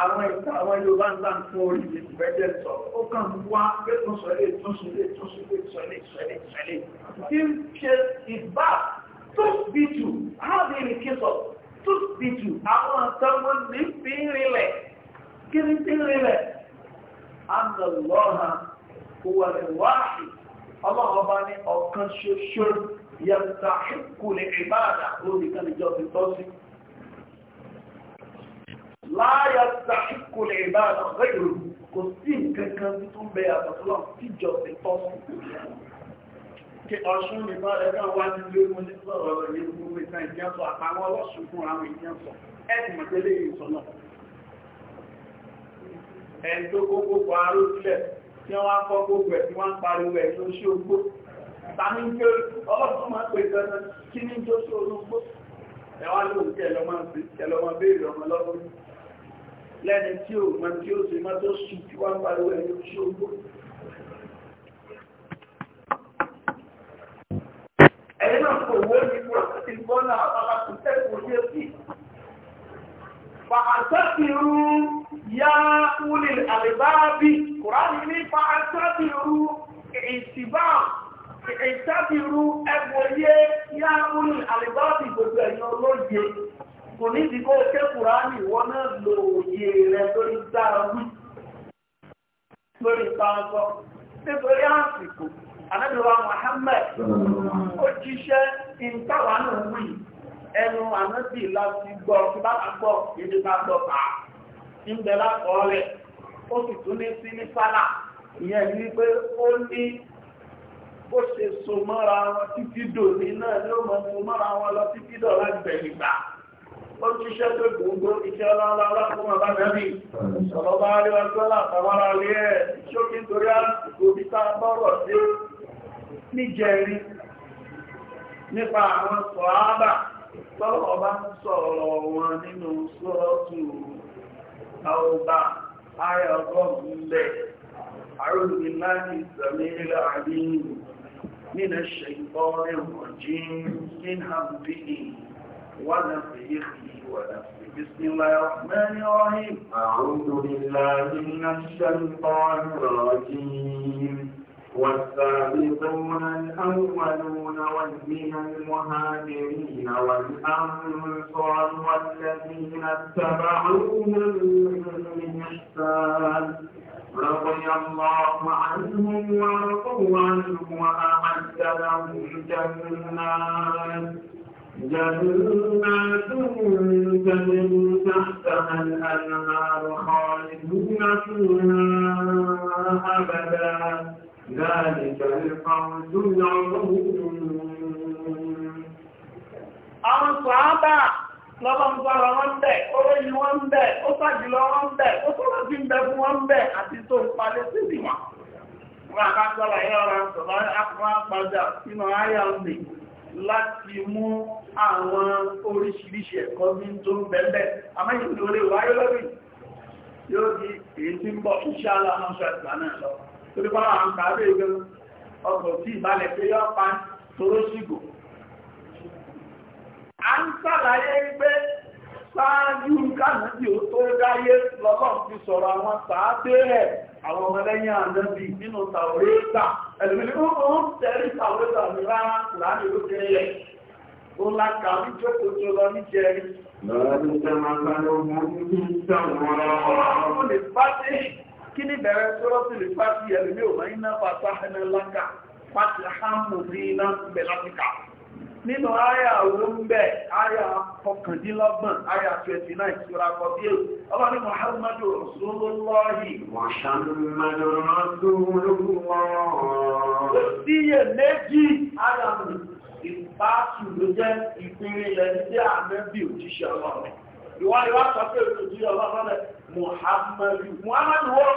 àwọn ìta àwọn Yorùbá ńlá ń fún orí ilé ìgbẹ́jẹ́ sọ ó kàn wá pé tó sọ ilé tó sọ ilé tó sọ ilé sọ ilé sọ ilé sọ ilé tí ń ṣe ìbá tó bí jù áàbí ní kí sọ tó bí jù àwọn àtàwọn ní fi ń rinlẹ̀ kí ní fi ń rinlẹ̀ àndàlọ́ha òwà rẹ̀ wáhì ọlọ́ọba ní ọ̀kan ṣoṣo yàtà ìkùlẹ̀ ìbáàdà lórí kan ìjọ láyà sàkíkò lè bá àtàkọ́ ìrò kò sí nǹkan kan tó ń bẹ àtàkọ́ tíjọ sí tọ́sí kí ọ̀ṣun lè bá ẹgbẹ́ wá ní ilé mú ní sọ̀rọ̀ rẹ̀ ní gbogbo ìta ìjẹ́sọ àtàwọn ọlọ́ṣun fún àwọn ìjẹ́sọ ẹ̀sìn mọ̀tẹ́lẹ̀ ìsọ̀nà ẹni tó kó gbogbo aró sílẹ̀ tí wọ́n kọ́ gbogbo ẹ̀ tí wọ́n pariwo ẹ̀ tó ṣe ogbó tàbí ń pé ọlọ́pàá máa pè dandan kí ní jó ológbó ẹ̀wọ́n lóòótọ́ ẹ̀lọ́mọ́ béèrè ọmọ lọ́wọ́ lẹ́ni tí ó mọ̀ tí ó sì mọ́ tó sùn tí wọ́n pariwo ẹni tí ó gbó ẹ̀yìn náà kò wó ní wọ́n ti gbọ́ náà àpapọ̀ tẹ́kùn ní ẹ̀sì fàásátìrú yá wúlì àlìbáàbí kùránì ní fàásátìrú ìsìbá ìsátìrú ẹgbòye yá wúlì àlìbáàbí gbogbo ẹ̀yàn olóye kò ní ìdíkó ké kùránì ìwọ náà lo òye rẹ lórí dára wí lórí pàǹkọ nítorí àsìkò anábìwá Muhammad ó jíṣẹ́ ìntàwà náà wí ẹnu ànábì láti gbọ́ bá bá gbọ́ bá gbọ́ bá lákọọ́lẹ̀ ó sì tún ní sí ní sálà ìyẹn ní pé ó ní bó ṣe so mọ́ra wọn títí dòní náà ló mọ̀ so mọ́ra wọn lọ títí ó jíṣẹ́ gbogbo iṣẹ́ ọlọ́lọ́lá fún ọba nẹ́bí ọlọ́bá aríwájọ́lá àtàwárá lé ẹ̀ ṣókí nípa àwọn sọ̀ábà tọ́lọ̀ ọba ń sọ̀rọ̀ wọn nínú sọ́ọ̀tù àwọ̀bà ayà lẹ̀ láti بسم الله الرحمن الرحيم أعوذ بالله من الشيطان الرجيم والسابقون الأولون من المهاجرين والأنصار والذين اتبعوهم بإحسان رضي الله عنهم ورضوا عنه وأعد لهم جنات جنات تجري تحتها الأنهار خالدون فيها أبدا ذلك الفوز العظيم àwọn sàábà lọ́lọ́ ń sọ́rọ̀ wọ́n bẹ̀ ó ròyìn wọ́n bẹ̀ ó sàjùlọ wọ́n bẹ̀ ó sọ́rọ̀ sí ń bẹ fún wọ́n bẹ̀ àti tó ń palẹ̀ sí ìwà wọ́n àkájọ́lá yẹ́ ọ̀rọ̀ sọ̀rọ̀ láti mú àwọn oríṣiríṣi ẹ̀kọ́ bí tó ń bẹ̀ẹ̀bẹ̀ àmáyìn tó lè wáyé lórí yóò di èyí tí ń bọ̀ iṣẹ́ alámọ́ṣọ́ ìgbà náà lọ torí bá àwọn kàárò ìgbẹ́ ọkọ̀ tí ìbálẹ̀ pé yọ́ pa ṣáájú kánàbí ò tó dáyé lọ́lọ́ fi sọ̀rọ̀ àwọn sàábé ẹ̀ àwọn ọmọlẹ́yìn ànábì nínú tàwọ́rẹ́ta ẹ̀lùmílì ó ń tẹ̀rí tàwọ́rẹ́ta ní rárá láàrin ìlú kẹrẹ ó láka ní ni bẹ̀rẹ̀ sọ́rọ́ sí lè pàtí ẹ̀lùmí ò máa ń nínú àyà òun bẹ̀ àyà ọkàndínlọ́gbọ̀n àyà 29 sura kọ̀bíyè ọba ní muhammadu rasulullahi muhammadu rasulullahi kò síyè méjì àyà ìbátù ló jẹ́ ìpínlẹ̀ ní àmẹ́bí òjíṣẹ́ ọlọ́run ìwádìí wá sọ pé òjíṣẹ́ ọlọ́run muhammadu muhammadu wọ́n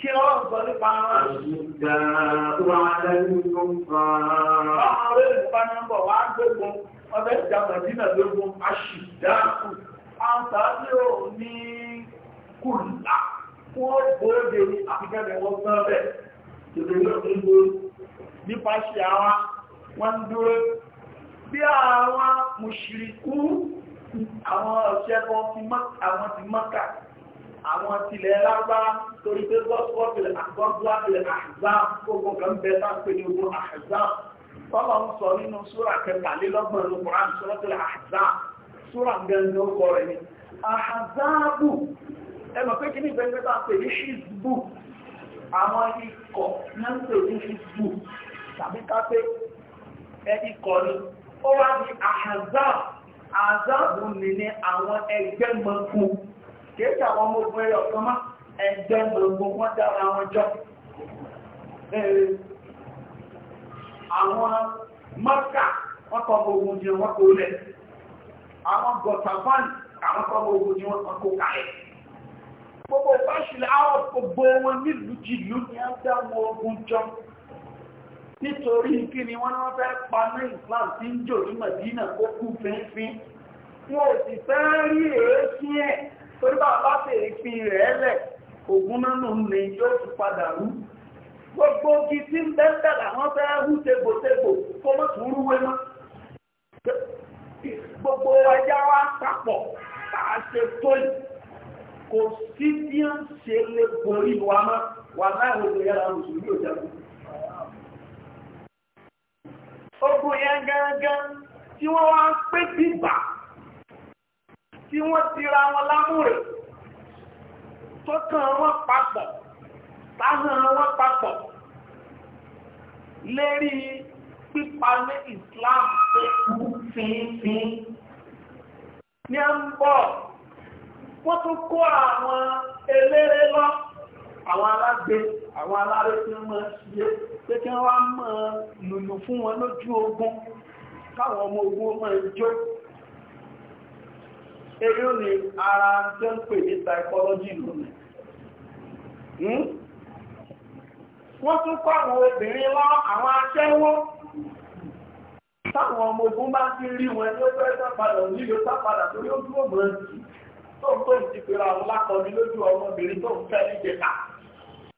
kí ọlọ́run sọ nípa wọn. ìgbà wà lẹ́nu tó ń fa. àwọn ọ̀rẹ́ ìfipá nọ́mbà wà á gbógun ọbẹ̀ ìjàmbá dínà lógún aṣìdáàkù. àwọn sàájú ò ní kùlà fún ògbóde ní àfikẹ́bẹ̀ wọn sọ bẹ́ẹ̀. ìròyìn òkú ń gbó nípa ṣe àwa wọn ń dúró. bí àwọn mùṣìríkù àwọn ọ̀ṣẹ́ kan ti mọ́kà àwọn tilẹ̀ lágbá torí pé gọ́ọ̀fìlẹ̀ àgbọ́gbọ́fìlẹ̀ àgbá gbogbo kan bẹ sáńpé ní ogun àgbá tọ́lọ̀ ń sọ nínú súrà kẹtàlélọ́gbọ̀n ló kọ́ra ní sọ́lọ́tìlẹ̀ àgbá súrà gẹ́gẹ́ ó kọ rẹ̀ ni àházáàbù ẹmọ̀ pé kí ní ìgbẹ́gbẹ́ bá pè ní ṣíṣbù àwọn ikọ̀ náà ń pè ní ṣíṣbù tàbí ká pé ẹ ikọ̀ ni ó wá ní àházáàbù àházáàbù ní ní àwọn ẹgbẹ́ mọ́kún kìí ṣe àwọn ọmọ ogun ẹyọ wọn dára wọn jọ àwọn mọ́kà wọ́n ọmọ ogun wọ́n lẹ̀ àwọn gọ̀tàfán àwọn ogun wọ́n gbogbo àwọn gbogbo wọn nílùú jìlú ni a dá wọn ogun jọ nítorí kí ni wọ́n fẹ́ pa Islam tí ń jò Madina kó kú fínfín ò sì fẹ́ rí torí bá bá tèrè fi rẹ̀ lẹ̀ ògùn nánú ni yóò tún padà rú gbogbo igi tí ń bẹ́ẹ̀ làwọn fẹ́ hú tegbòtegbò kó mọ̀ tún rúwé mọ́ gbogbo ẹja wa papọ̀ tá a ṣe tó yìí kò ogun yẹn gángan tí wọ́n wá pé bíbà tí wọ́n ti ra wọn lámúrè tó kàn wọ́n papọ̀ táhàn wọ́n papọ̀ lérí pípa ní Islam pé fínfín ní à ń bọ̀ wọ́n tún kó àwọn eléré lọ àwọn alágbe àwọn aláré tí wọ́n máa ṣe pé kí wọ́n máa lùlù fún wọn lójú ogun káwọn ọmọ ogun máa jó èyí ò ní ara tí ó ń pè ní psychology lónìí hmm? wọ́n tún kọ́ àwọn obìnrin lọ àwọn aṣẹ́wó táwọn ọmọ ogun bá ti rí wọn ní ó fẹ́ sápadà nílò sápadà torí ó dúró mọ́ ẹ̀sì tó ń tó ń ti pèrò àwọn lákọni lójú ọmọbìnrin tó ń fẹ́ ní jẹta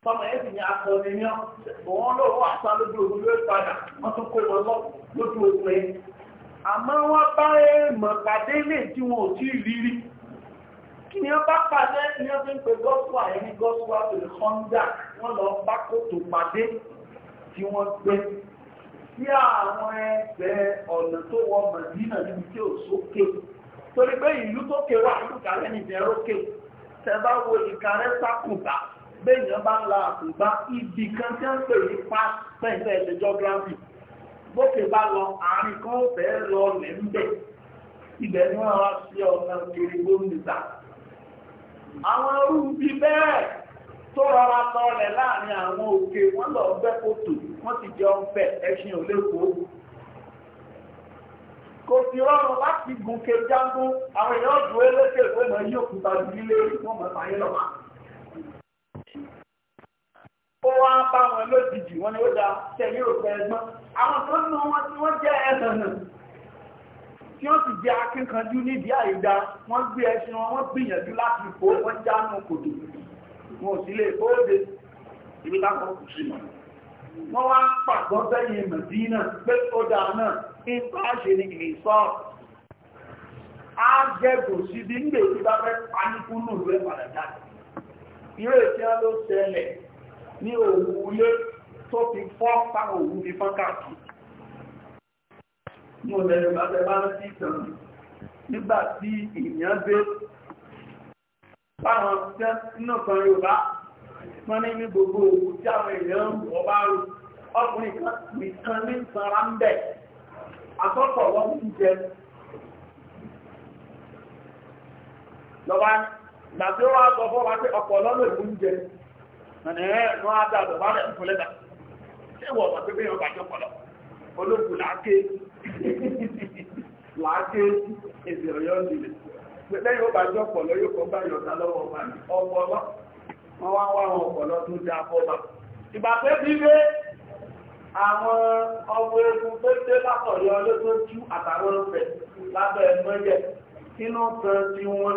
tọmọ ẹ̀ sì ní akọni ní ọ́ òun lóòrùn àṣà lójú ogun ló padà wọ́n tún kó wọn lọ lójú ogun ẹ̀ àmọ́ wọ́n bá èèmọ̀ pàdé lè tí wọn ò tí rírí kí ni wọ́n bá pàdé ní wọ́n fi ń pe gọ́sùwà yẹn ní gọ́sùwà pẹ̀lú honda wọ́n lọ bá kòtò pàdé tí wọ́n gbé sí àwọn ẹgbẹ́ ọ̀nà tó wọ mọ̀dínà níbi tí ò sókè torí pé ìlú tó ké wà ìlú kàrẹ́ nìbẹ̀ rókè tẹ́bá wo ìkàrẹ́ sákùbà bẹ́ẹ̀ ni wọ́n bá ń la àkùbá ibì kan tí wọ́n pè ní pàṣẹ bókè bá lọ àárín kan fẹ́ lọ lẹ̀ ń bẹ̀ ibẹ̀ ní wọ́n wá sí ọ̀nà kiri gómìnà àwọn rúbi bẹ́ẹ̀ tó rọra tọrẹ láàrin àwọn òkè wọ́n lọ gbẹ́ kòtò wọ́n ti jọ ń fẹ́ ẹṣin ò lẹ́kọ̀ọ́ kò sí rọrùn láti gùn kéjángún àwọn èèyàn dùn élékè pé mọ̀ yí òkúta jù nílé wọ́n mọ̀ ó wá ń bá wọn lójijì wọn ni ó da tẹ̀lé òfin ẹgbọ́n àwọn tó nù wọn tí wọ́n jẹ́ ẹ̀sànà tí wọ́n sì jẹ́ akínkanjú nídìí àìda wọ́n gbé ẹṣin wọn wọ́n gbìyànjú láti fò wọ́n jánu kòtò wọn ò sí lè bóde ibi táwọn kò sí mọ́ wọ́n wá pàgọ́ sẹ́yìn mẹ̀dínà pé ó dáa náà nípa ṣe ni ìsọ́ á gẹ́gùn síbi nígbè tí bá fẹ́ panikú nù lórí padà jáde irú ètí wọn ló ṣẹlẹ̀ ní òwú ilé tó ti fọ́ táwọn òwú ti fọ́n káàkiri ní ọ̀lẹ́ Yorùbá tẹ bá ń sí ìtàn nígbà tí ìyàn dé báwọn tẹ́ nínú kan Yorùbá wọ́n ní ní gbogbo òwú tí àwọn èèyàn ń wọ́ bá rò ọkùnrin kan nìkan ní sanra ń bẹ̀ àtọ́kọ̀ wọ́n ń jẹ lọ́wọ́ gbàtí ó wá sọ fún wa pé ọ̀pọ̀ lọ́nà ìwúńjẹ ẹ̀nà ẹ̀ wọ́n á dáadọ̀ bá rẹ̀ fún lẹ́dà ṣẹ́wọ̀ ọ̀pàá pé bẹ́yàn bàjọ́ pọ̀lọ̀ olóògùn láàké láàké èdè ọ̀yọ́ nílẹ̀ lẹ́yìn ó bàjọ́ pọ̀lọ̀ yóò kọ́ báyọ̀ ọ̀tá lọ́wọ́ ọpọlọ wọ́n wá wá àwọn ọpọlọ tó dá bọ́bà ìgbà pé bí lé àwọn ọmọ egun tó dé látọ̀yọ́ ló tó tú àtàwọn ọ̀fẹ́ lábẹ́ ẹgbẹ́ yẹ inú kan tí wọ́n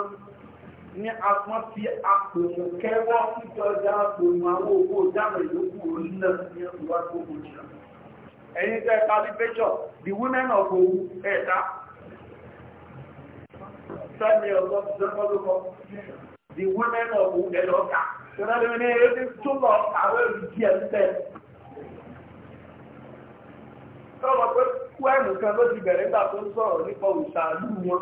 ní apọ́n fi apòmù kẹwọ́ ìjọba apòmù àwọn owó dámà ìlókù orílẹ̀ ní ọ̀pọ̀lọpọ̀ gbogbo jù ẹ̀yin tẹ́ parí pẹ́jọ the women of owu ẹ̀dá sẹ́mi ọ̀gọ́ ìjọba the women of owu ẹ̀dá ọ̀gá ìrọ̀lẹ́ ní ẹni tó lọ àwọn èrò díẹ̀ tẹ́ tọ́lọ pé kú ẹ̀mù kan ló ti bẹ̀rẹ̀ gbà tó ń sọ̀rọ̀ nípa òṣàlú wọn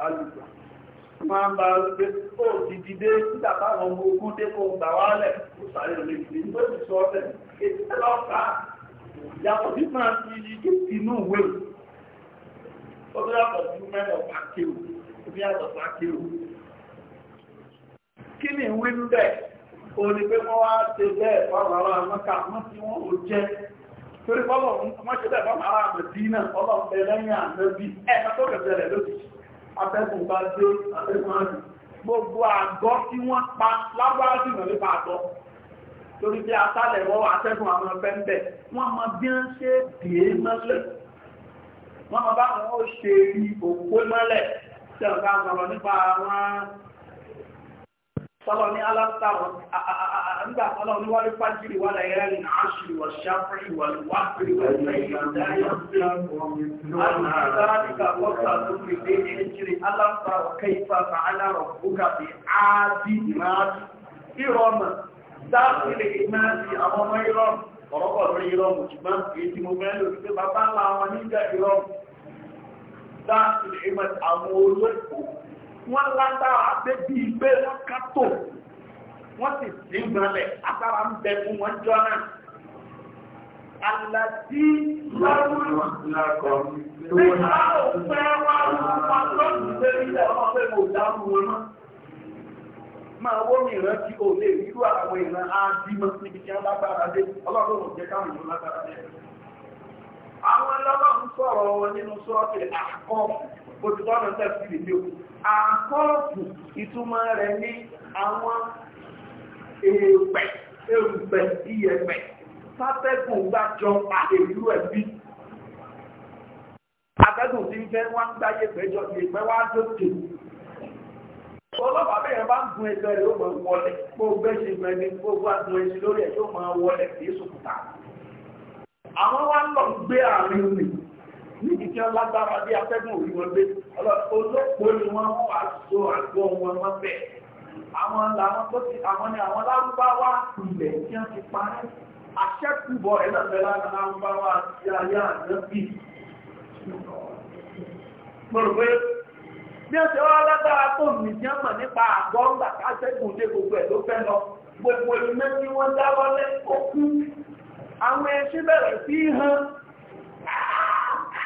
alùpà máa bá wípé ó ti dìde nígbà táwọn ọmọ ogun dé kó gbà wálẹ̀ ó sáré lè dìde ní sọ yàtọ̀ sí inú ìwé ó tó yàtọ̀ sí mẹ́rin ọ̀pá yàtọ̀ kí ni ìwé ń bẹ̀ o ní pé wọ́n wá ṣe bẹ́ẹ̀ fáwọn ará mọ́ta wọ́n tí wọ́n ò jẹ́ torí ṣe bẹ́ẹ̀ atẹ́kùn bá dé atẹ́kùn àrùn gbogbo àgọ́ tí wọ́n pa lágbára sí ìrìn nípa àgọ́ torí pé atálẹ̀wọ́ atẹ́kùn àwọn ọ̀fẹ́ǹbẹ̀ wọ́n mọ bí wọ́n ṣe dé mọ́lẹ̀ wọ́n mọ bá wọn ó ṣe òpó mọ́lẹ̀ tí ọ̀gá àgbàrọ̀ nípa àwọn sọ́lọ́ ní alátàrọ̀ nígbà sọ́lọ́ ní wọ́n lè fájìrì wà láyé ní àṣírí wà ṣáfírí wà wáfírí wà lẹ́yìn àdáyọ̀ sí àwọn àdáríkà wọ́pàá tó fi dé ẹjìrì alátàrọ̀ kẹfà fàálàrọ̀ búgà bí áàbí ìmáàbí ìrọ̀mà dáàbílẹ̀ ìmáàbí àwọn ọmọ ìrọ̀mù ọ̀rọ̀pọ̀ lórí ìrọ̀mù ṣùgbọ́n èyí tí mo fẹ́ lò sí pé bàbá ńlá wọn níjà ìrọ̀mù dáàbílẹ̀ ìmáàbí àwọn olóòkú wọ́n lágbára débi pé wọ́n ká tó wọ́n sì sí gbọ́nlẹ̀ agbára ń bẹ fún wọn jọ náà. Àlàdí lọ́rùn nígbà òfẹ́ wá lọ́pàá lọ́dún pé ilẹ̀ ọmọ pé mo dárú wọn náà. Máa wó mi ìrántí ò lè rírú àwọn ìran á olùkọ́nà tẹ̀sí ìdí o àkọ́ọ̀pù ìtumọ̀ rẹ̀ ní àwọn èèpẹ̀ èrùpẹ̀ iyẹ̀pẹ̀ sátẹ́gùn gbà jọ pàdé ìlú ẹ̀bí atẹ́gùn tí ń fẹ́ wá ń gbáyé pẹ́jọ ìpẹ́ wá dókè ọlọ́pàá bẹ́ẹ̀ bá ń gun ẹgbẹ́ rẹ̀ ó máa wọlé kó gbẹ́sẹ̀ mẹ́ni kó wá gun ẹsẹ̀ lórí ẹ̀ yóò máa wọlé kì í sùkùtà àwọn wá ń lọ gbé àárín nìyí níbi tí wọ́n lágbára bí atẹ́gùn òrí wọn gbé olóòpó ni wọ́n wà so àgọ́ wọn wọ́n bẹ̀ àwọn làwọn tó ti àwọn ni àwọn lárúbáwá ilẹ̀ tí wọ́n ti parí àṣẹ́kùbọ̀ ẹ̀ náà bẹ̀rẹ̀ lárúbáwá àti ayé àjẹ́bí pẹ̀lúpẹ́ bí ó ṣe wá lágbára tó ní tí wọ́n mọ̀ nípa àgọ́ ńgbà kásẹ́gùn dé gbogbo ẹ̀ ló fẹ́ lọ gbogbo iná tí wọ́n dáwọ́lé ó kú àwọn ẹṣin bẹ̀rẹ̀ sí í hàn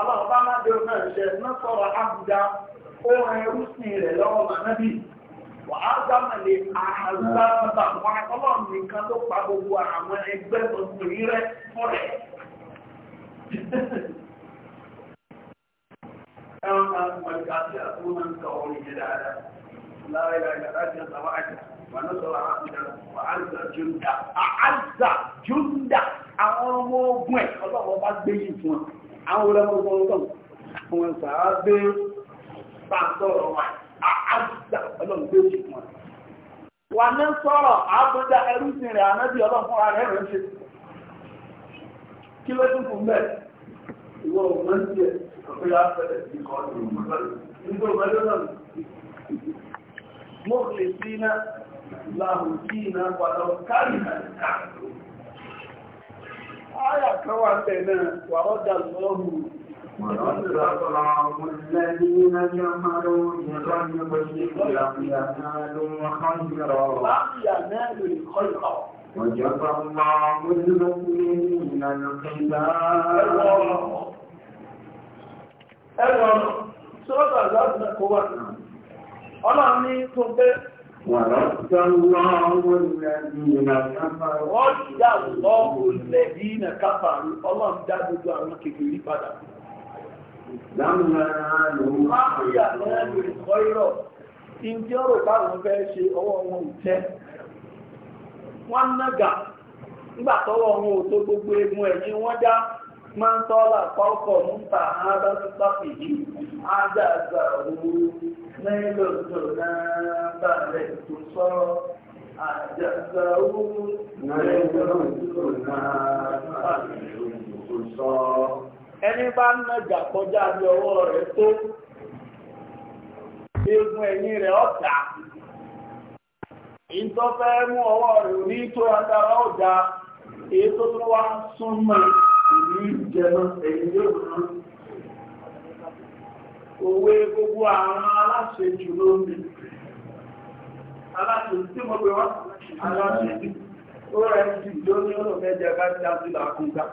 ọlọ́run bá má dé ọmọ ẹ̀ṣẹ̀ náà sọ̀rọ̀ àbúdá ohun ẹrú sí rẹ̀ lọ́wọ́ mànábì wà á gbàmọ̀ lè àhàzá bàbá ọlọ́run nìkan ló pa gbogbo àwọn ẹgbẹ́ ọkùnrin rẹ̀ fún rẹ̀. ẹran náà ń pẹ̀lú àti àtúwò náà fún ọ àwọn olóògbò ọlọ́run wọn sàábé pàtọ́rọ̀ wà àádà ọlọ́run tó ṣe wọn wà ní sọ̀rọ̀ àbújá ẹrúsìn rẹ̀ ànábì ọlọ́run fún ara rẹ̀ ṣe kí ló tún fún bẹ́ẹ̀ ìwọ ọmọ ń tiẹ̀ ọ̀pẹ́ yà fẹ́lẹ̀ sí kọ́ nígbà ọmọdé náà mọ́kìlì sí iná láhùn sí Àyà kan wà bẹ̀ náà, wà ó dà lọ́rù. والذين كفروا لم يشركوا لم ينالوا خيرا وجزى الله المؤمنين القتال ẹ̀rọ sọ́dọ̀ àgbàdùn ẹ̀kọ́ wà náà ọlọ́run ní tó bẹ́ẹ̀ ورد الله الذين كفروا رد الله الذين كفروا الله dájú ju àwọn kékeré padà lámàá ló máa yà lọ́wọ́ ìkọ́ ìrọ̀ ìjọ rò báwọn fẹ́ ṣe ọwọ́ wọn ò máa ń tọ́lá pọ́pọ̀ ń ta àádọ́ sí pápì yìí ádáàgbà òru nílò tó náà bàrẹ̀ tó sọ àjàgbà òru nílò tó náà bàrẹ̀ tó sọ. ẹni bá ń nàjà kọjá ní ọwọ́ rẹ̀ tó eegun ẹ̀yìn rẹ̀ ọ̀tà ìtọ́fẹ́ mú ọwọ́ rẹ̀ ní tó agbára ọ̀dà èyí tó tó wá ń súnmọ́ ní jẹmọ́ ẹ̀yìn yóò rán òwe gbogbo àwọn aláṣẹ jù ló ń bì aláṣẹ tí mo pè wọ́n aláṣẹ ó rẹ̀ jù ló ní ọ̀nà mẹ́jẹ bá dá sí làkúgbà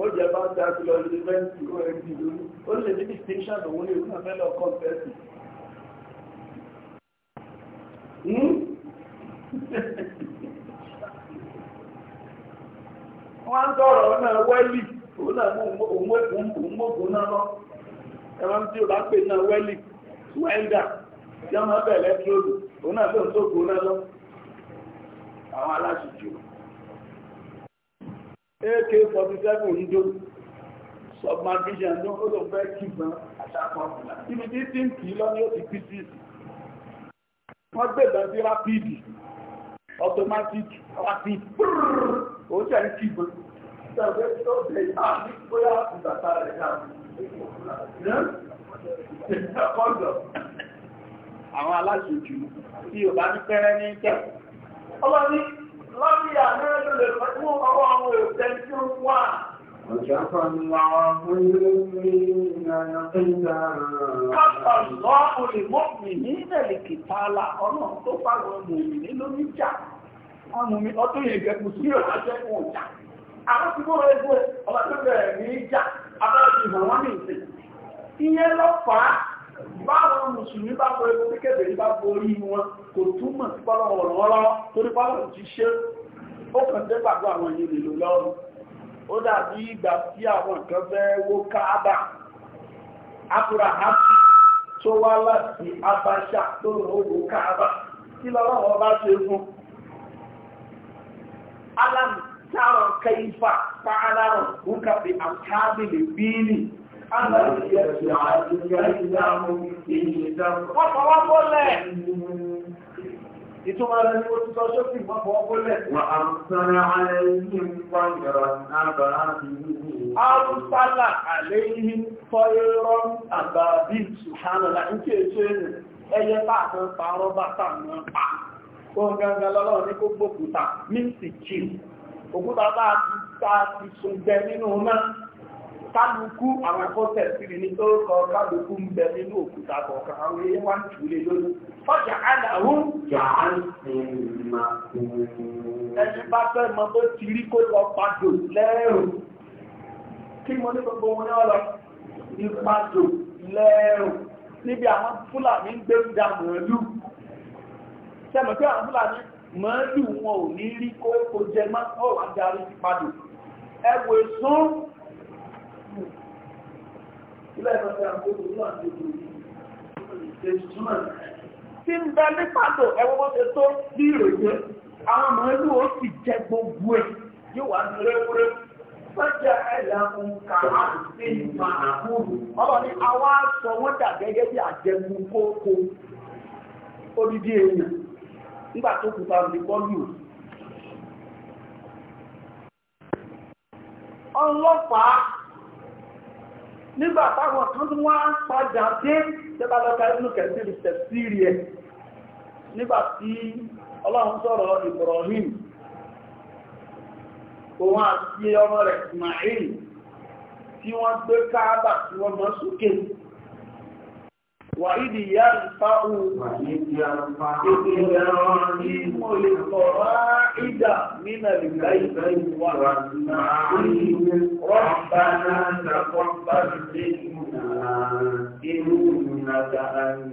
ó jẹ bá dá sí lọ yunifásitì ó rẹ̀ jù lónìí ó lè ní distinction òun lè fún àfẹ́lẹ̀ ọkọ̀ fẹ́sì Hmm? wọ́n ń tọrọ náà wẹ́lì òun náà mú òmógún náà lọ ẹ̀wọ̀n tí ó bá pè náà wẹ́lì wẹ́ndà tí wọ́n máa bẹ̀rẹ̀ lẹ́tíròlù òun náà tó náà lọ àwọn AK-47 ń dó submarine ló ibi tí tí ń lọ ni ó ti pí sí automatic àti ó jẹ́ ń kígbe ṣàgbé tó bẹ̀ náà ní bóyá ìgbàta rẹ̀ náà kọ́ńdọ̀ àwọn aláṣojú tí ò bá ní pẹ́rẹ́ ní tẹ̀ ọlọ́ni lọ́bí àmẹ́rẹ́lẹ̀ pẹ̀lú ọwọ́ àwọn òṣèlú wà وكفى الله المؤمنين القتال كفى الله المؤمنين القتال ọlọ́run tó fáwọn mòmìnì lórí jà wọn mòmí ọdún yìí gẹ̀ẹ́gù sí ọ̀rọ̀ àjẹ́kùn ọjà àwọn tí kó rẹ̀ gbé ọba tó bẹ̀rẹ̀ ní ìjà abẹ́rẹ́ ìhàn wọn ní ìsìn ìyẹn lọ fà á báwọn mùsùlùmí bá bọ ewu kékeré yìí bá borí wọn kò túmọ̀ sí pọ́lọ́wọ́ lọ́wọ́ torí pọ́lọ́wọ́ ó dàbí ìgbà tí àwọn nǹkan fẹ́ wó káábà àpùrà tó wá láti abáṣà tó lọ wó káábà kí lọ́wọ́ bá ṣe fún alam tara kaifa fa'ala rabbuka bi ashabil bini alam yas'a al-jannatu min dhikri ìtumọ̀ rẹ̀ ni ó ti sọ ṣókì mọ́kọ̀ ọgbọ́lẹ̀. wà á sọ́nà alẹ́ mkpa ń pọ̀ ìrọ̀ nàbà ábí a ń pálà alẹ́ yìí ń pọ̀ ti kálukú àwọn ẹ̀kọ́ tẹ̀síri ní tó kọ kálukú ń bẹ nínú òkúta kọ̀ọ̀kan àwọn èèyàn wá ń túlé lónìí fọ́jà aláhùn jà á ń sinmi ẹni bá fẹ́ mọ bó ti rí kó lọ padò lẹ́rù kí mo ní gbogbo wọn ní ọlọ ní padò lẹ́rù níbi àwọn fúlàní ń gbé ìdá mọ̀ọ́lù sẹ́mọ̀ pé àwọn fúlàní mọ̀ọ́lù wọn ò ní rí kó kó jẹ mọ́ ọ̀ Tí ń bẹ ní pàtó ẹwọ́n bó ṣe tó bí ìròyìn, àwọn màálù ó sì jẹ gbogbo ẹ̀ yóò wá ní réwúré. Sọ́jà ẹ̀yà ń kà á sí màáhùrù. Ọlọ́ ni a wá wọ́n dà gẹ́gẹ́ bí àjẹmú kókó. Odidi èèyàn, nígbà tó kùtà ní ọlọ́pàá nígbà táwọn kan tún wá padà dé tẹ́bà lọ́ka inú kẹsìrì tẹ̀sìrì ẹ̀ nígbà tí ọlọ́run sọ̀rọ̀ Ibrahim òun àti ọmọ rẹ̀ Ismail tí wọ́n gbé káàbà tí wọ́n mọ́ sókè وإذ يرفع إبراهيم القواعد من البيت والمعين ربنا تقبل منا إنك أنت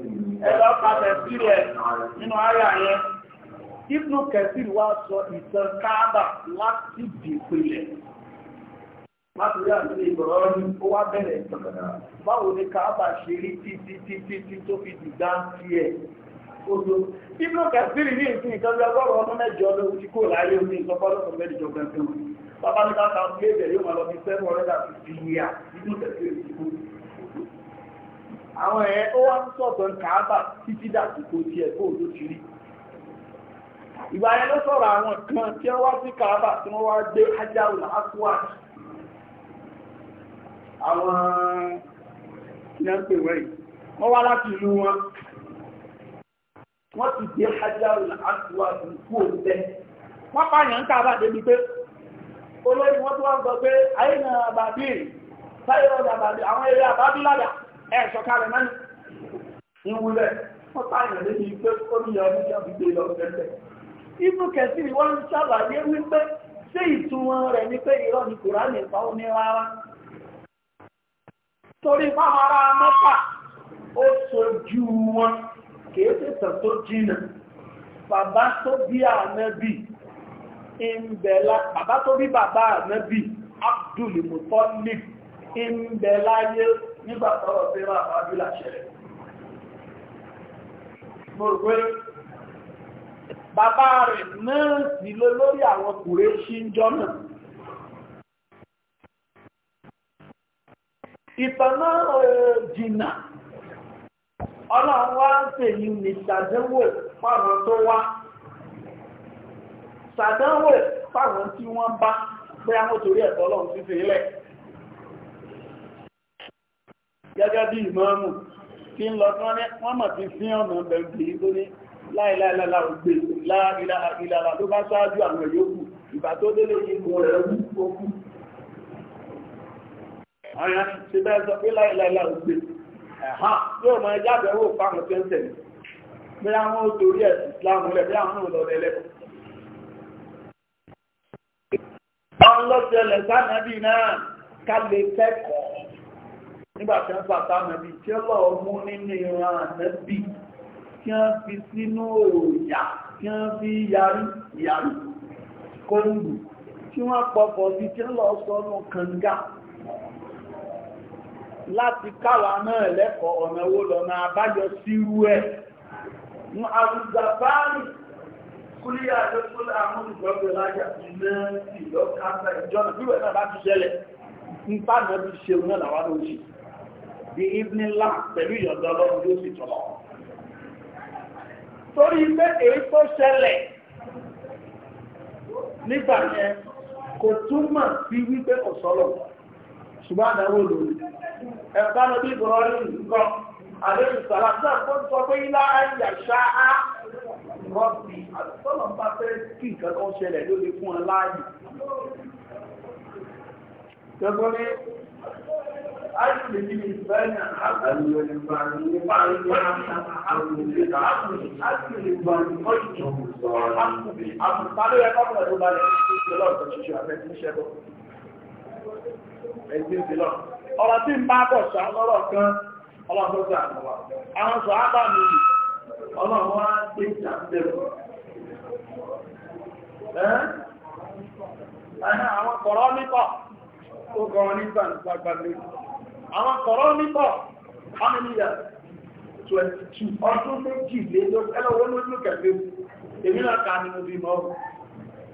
nínú àyà yẹn Ibnu Kathir wá sọ ìtàn Káàbà láti dìpìlẹ̀ látòrí àtúrí ìgbọ̀rọ̀rún ó wá bẹ̀rẹ̀ báwo ni káàbà ṣe rí títí títí tí tó fi dìgbà sí ẹ̀ odo ibùdó kẹsìrì ní ìsìn nǹkan bí ọgọ́rùn ọdún mẹ́jọ lóhun ti kó láyé omi ìsọpọ́lọ́pọ̀ mẹ́jọ gbẹ̀gbẹ̀ wọn bàbá ní káàkà ń gbé bẹ̀rẹ̀ yóò máa lọ bí seven hundred and fifty years ibùdó kẹsìrì ti kú àwọn ẹ̀ ó wá ń sọ̀tọ̀ káàbà títí dàsìkò tiẹ̀ kó odo ti rí ìgbà yẹn ló sọ̀rọ̀ àwọn kan tí wọ́n wá sí káàbà tí wọ́n wá gbé ájáwò àkúwàsì àwọn ìyànpẹ̀wẹ̀ wọ́n wá láti ìlú wọn wọ́n ti dé hajjáwò àtúwà ìkú òǹtẹ́ wọ́n pààyàn ń tàbà débi pé olórí wọ́n tó wá ń sọ pé àyínà àbàbí sáyẹ̀rọ̀ àbàbí àwọn wọ́n ń sábà yé wípé sí ìtumọ̀ rẹ̀ pé ìrọ̀ torí fáwọn ará mẹ́fà ó sojú wọn kìí tẹ̀sán tó jìnà bàbá tó bí ànábì ìbẹ̀lá bàbá tó bí bàbá ànábì Abdul Mutallib ìbẹ̀láyé nígbà tọ́rọ̀ sí ra àbábílà ṣẹlẹ̀ mo rò pé bàbá rẹ̀ náà sì lórí àwọn kùrẹ́ṣí ń jọ ìtànà jìnnà ọlọ́run wá ń pè ní ìṣàdánwò fáwọn tó wá ṣàdánwò fáwọn tí wọ́n bá pé àwọn torí ẹ̀tọ́ ọlọ́run fífi ilẹ̀ gẹ́gẹ́ bí ìmọ̀ọ́mù tí ń lọ tí wọ́n mọ̀ ti fi ọ̀nà bẹ̀rẹ̀ tó ní láìláìláìlá ògbè láìláìláìlá ló bá ṣáájú àwọn yòókù ìgbà tó délé ìgbò rẹ̀ wú ọ̀yàn ṣe bẹ́ẹ̀ sọ pé láìláìlá ògbé ẹ̀há yóò mọ ẹjá bẹ̀wò fáwọn tí ó ń tẹ̀lé bí àwọn ó torí ẹ̀ ìsìláàmù rẹ̀ bí àwọn náà lọ lẹ́lẹ́kọ̀ọ́ àwọn lọ́sẹ̀lẹ̀ sánàbí náà ká lè kẹ́kọ̀ọ́ nígbà tí wọ́n fàtà nàbí tí ó lọ́ọ́ mú nínú ìran ànábì kí wọ́n fi sínú òòyà kí wọ́n fi yarí yarí kóńgù tí wọ́n pọ̀pọ̀ sí tí ó lọ́ọ́ sọ́nù kànga láti káwa náà lẹ́kọ̀ọ́ ọ̀nà owó lọ́nà àbájọ sírú ẹ̀ mú àrùzàbáàrù kúlí àjọsọ́lá àmúlùgbọ́gbẹ̀ lájà náà sì lọ́kàtà ìjọ́nà bí wẹ̀ náà bá ti ṣẹlẹ̀ ń bá náà bí ṣe òun náà làwọn lóṣì di evening lamp pẹ̀lú ìyọ̀dọ́ ọlọ́run yóò sì tọ̀lọ̀ torí pé èyí tó ṣẹlẹ̀ nígbà yẹn kò túmọ̀ sí wípé ọ̀sọ́lọ̀ ṣùgbọ́n àdáwò lórí ẹ̀ka ló bí ìbọ̀rọ̀ ní nǹkan àlejò sàlá náà tó ń sọ pé ilá ayé àṣà á rọ́bì àtọ́nà bá fẹ́ kí nǹkan kan ṣẹlẹ̀ ló lè fún ọ láàyè. Gbogbo ní ayé mi ní bẹ́ẹ̀nà àgbàlẹ̀ ìgbàlẹ̀ ìgbàlẹ̀ ìgbàlẹ̀ ọ̀rọ̀ tí ń bá bọ̀ ṣàlọ́rọ̀ kan ọlọ́pọ̀sà àwọn sọ ábà mi ọlọ́wọ́ á gbé ìjàmbẹ̀rù àwọn kọ̀rọ̀ nípọ̀ ó kọ̀rọ̀ nípa ìgbàgbàgbé àwọn kọ̀rọ̀ nípọ̀ amìlíyà 22 ọdún méjìlélógún ẹlọ́wọ́ lójú kẹfẹ́ èmi náà ká ní mo bí mọ́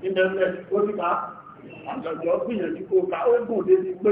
ìbẹ̀rẹ̀ ó ní ká àjọ̀jọ́ gbìyànjú kó ká ó gùn lé ní pé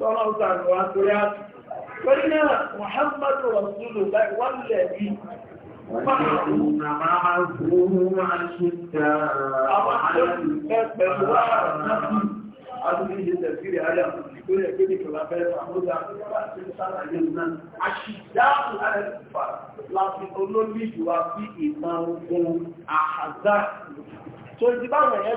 tọ́lọ́ sàrò wá torí àtù torí náà Muhammadu rasulu láì wọ́n lẹ̀ bí Adúgbé ìjẹ́ tẹ̀sírí àríà tó yẹ pé ní kìlá bẹ́ẹ̀ àmúdá àti sáàrẹ̀ yìí náà. Àṣìdá àrẹ̀ ìfà láti olóbi ìwà sí ìmọ̀ ogun àhàzá. Tó ìdíbàwọ̀ ẹ̀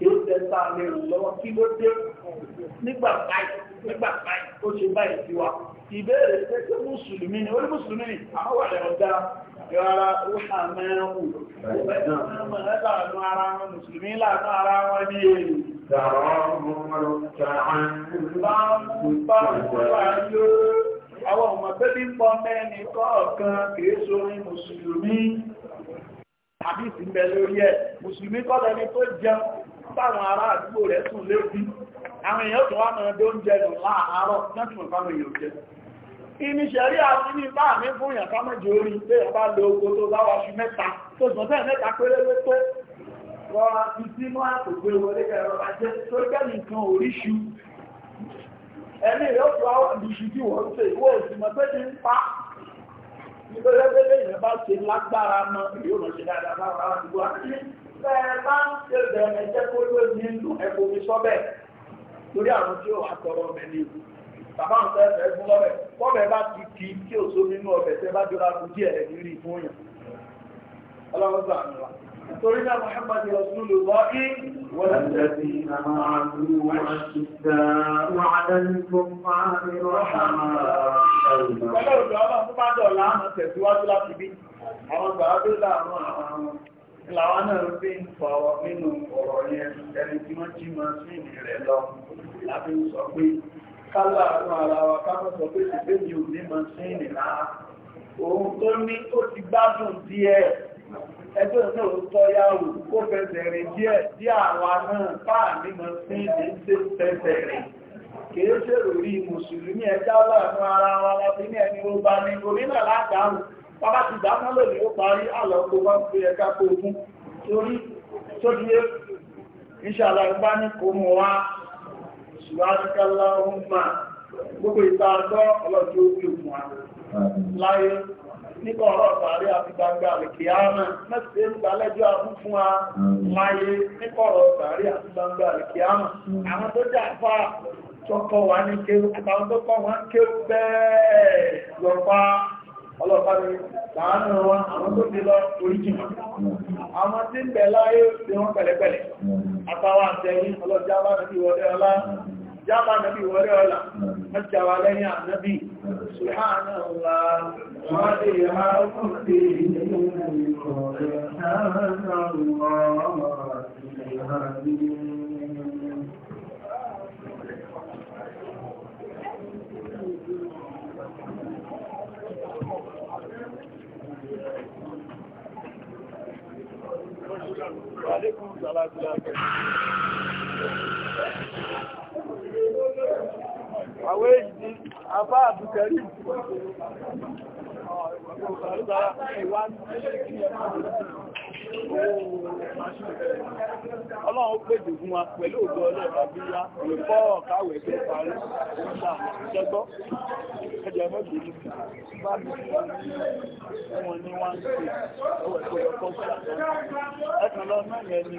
kìí ṣe tá a lè ràn lọ́wọ́ kí ló dé nígbà báyìí nígbà báyìí ó ṣe báyìí sí wa ìbéèrè pé ṣé mùsùlùmí ni orí mùsùlùmí ni àwọn wà lẹ́wọ̀n dá rárá ó hà mẹ́rin wù láàánú ara wọn mùsùlùmí láàánú ara wọn ní èrè Tàrọ̀ ọmọ àwọn ọmọ bẹ́bí ń pọ̀ mẹ́ni kọ̀ọ̀kan kìí sórí mùsùlùmí tàbí ìsìnbẹ̀ lórí ẹ̀ mùsùlùmí kọ́ lẹni tó jẹun táwọn ará àdúgbò rẹ̀ sùn lébi àwọn èèyàn tó wá mọ̀ bí oúnjẹ lọ láàárọ̀ mẹ́tùn fáwọn èèyàn jẹ ìníṣẹ̀rí àwọn ní bá mi fún ìyàn sámọ́jì orí pé ọba lo oko tó bá wáṣu mẹ́ta tó sọ́tẹ́ mẹ́ta péré lé tó rọra ti sínú àpògbé wọlé ẹ̀rọ ajé tó jẹ́ nìkan oríṣu ẹni yóò tó àwọn ìṣù tí wọ́n ṣe ìwọ òsìmọ̀ pé ní ń pa nítorí pé lè bá ṣe lágbára mọ́ ìyóò ṣe dáadáa bá wà á bẹ́ẹ̀ bá ń ṣe bẹ̀rẹ̀ jẹ́ kó ló ní ìlú ẹ̀kọ́ mi sọ bẹ́ẹ̀ lórí àwọn tí ó wà tọrọ ọbẹ̀ ní ìlú bàbá ń fẹ́ fẹ́ fún ọbẹ̀ kọ́bẹ̀ bá ti kì í kí òṣó nínú ọbẹ̀ tẹ́ bá jọra kú díẹ̀ rẹ̀ nírí fún yàn ọlọ́run gbà mí wa torí náà Muhammad Rasulullah kí wọ́n ṣe ti máa ń wọ́n ṣe dá wọ́n á dání fún máa ń rọ́ṣà máa ń rọ́ṣà. pẹ̀lú òjò làwọn náà fi ń fa ọ nínú ọ̀rọ̀ yẹn ẹni tí wọ́n jí máa sí ìrìn rẹ̀ lọ láti sọ pé kálá àwọn ara wa káwọn sọ pé ṣùgbẹ́ mi ò ní máa sí ìrìn rárá òun tó ní ó ti gbádùn díẹ̀ ẹgbẹ́ náà tọ́ yáwò kó fẹsẹ̀ rìn díẹ̀ tí àwa náà fáà ní máa sí ìrìn ṣe fẹsẹ̀ rìn kìí ṣèrò mùsùlùmí ẹjá láàrin ara wa láti ní ẹni ó bá ní orí bàbá ti dá tán lónìí ó parí àlọ́pọ̀ wá ń pè ẹka kó fún torí tó ìṣàlá ìgbá ní kò mọ̀ wá ṣùgbáríkálá gbogbo ìta àgbọ́ ọlọ́jọ́ ojú òkun wa láyé nípa ọ̀rọ̀ tààrí àti gbangba àlìkìyàmà mẹ́sẹ̀ ìgbàlẹ́jọ́ a fún wa láyé nípa ọlọ́pàá ni láàánú wọn àwọn tó ti lọ oríjì wọn àwọn tí ń bẹ̀ láyé tí wọ́n pẹ̀lẹ́pẹ̀lẹ́ àtàwọn àtẹ̀yìn ọlọ́jà bá nàbí wọlé ọlá jábà nàbí wọlé ọlá mẹ́jà wà Àwọn èyí, àbá àbùkẹ́rí. Ọlọ́run pèjì fún wa pẹ̀lú ògbọ́ ọlọ́run bí yá, ìfọ́ ọ̀káwẹ̀ tó parí, ìṣà ìṣẹ́gbọ́, ẹjẹ̀ mọ́bí ní bá mi fún ní wọ́n ṣe ọwọ́ ẹ̀kọ́ ọkọ́ sí àtọ́. Ẹ̀kùn lọ mẹ́rin ẹni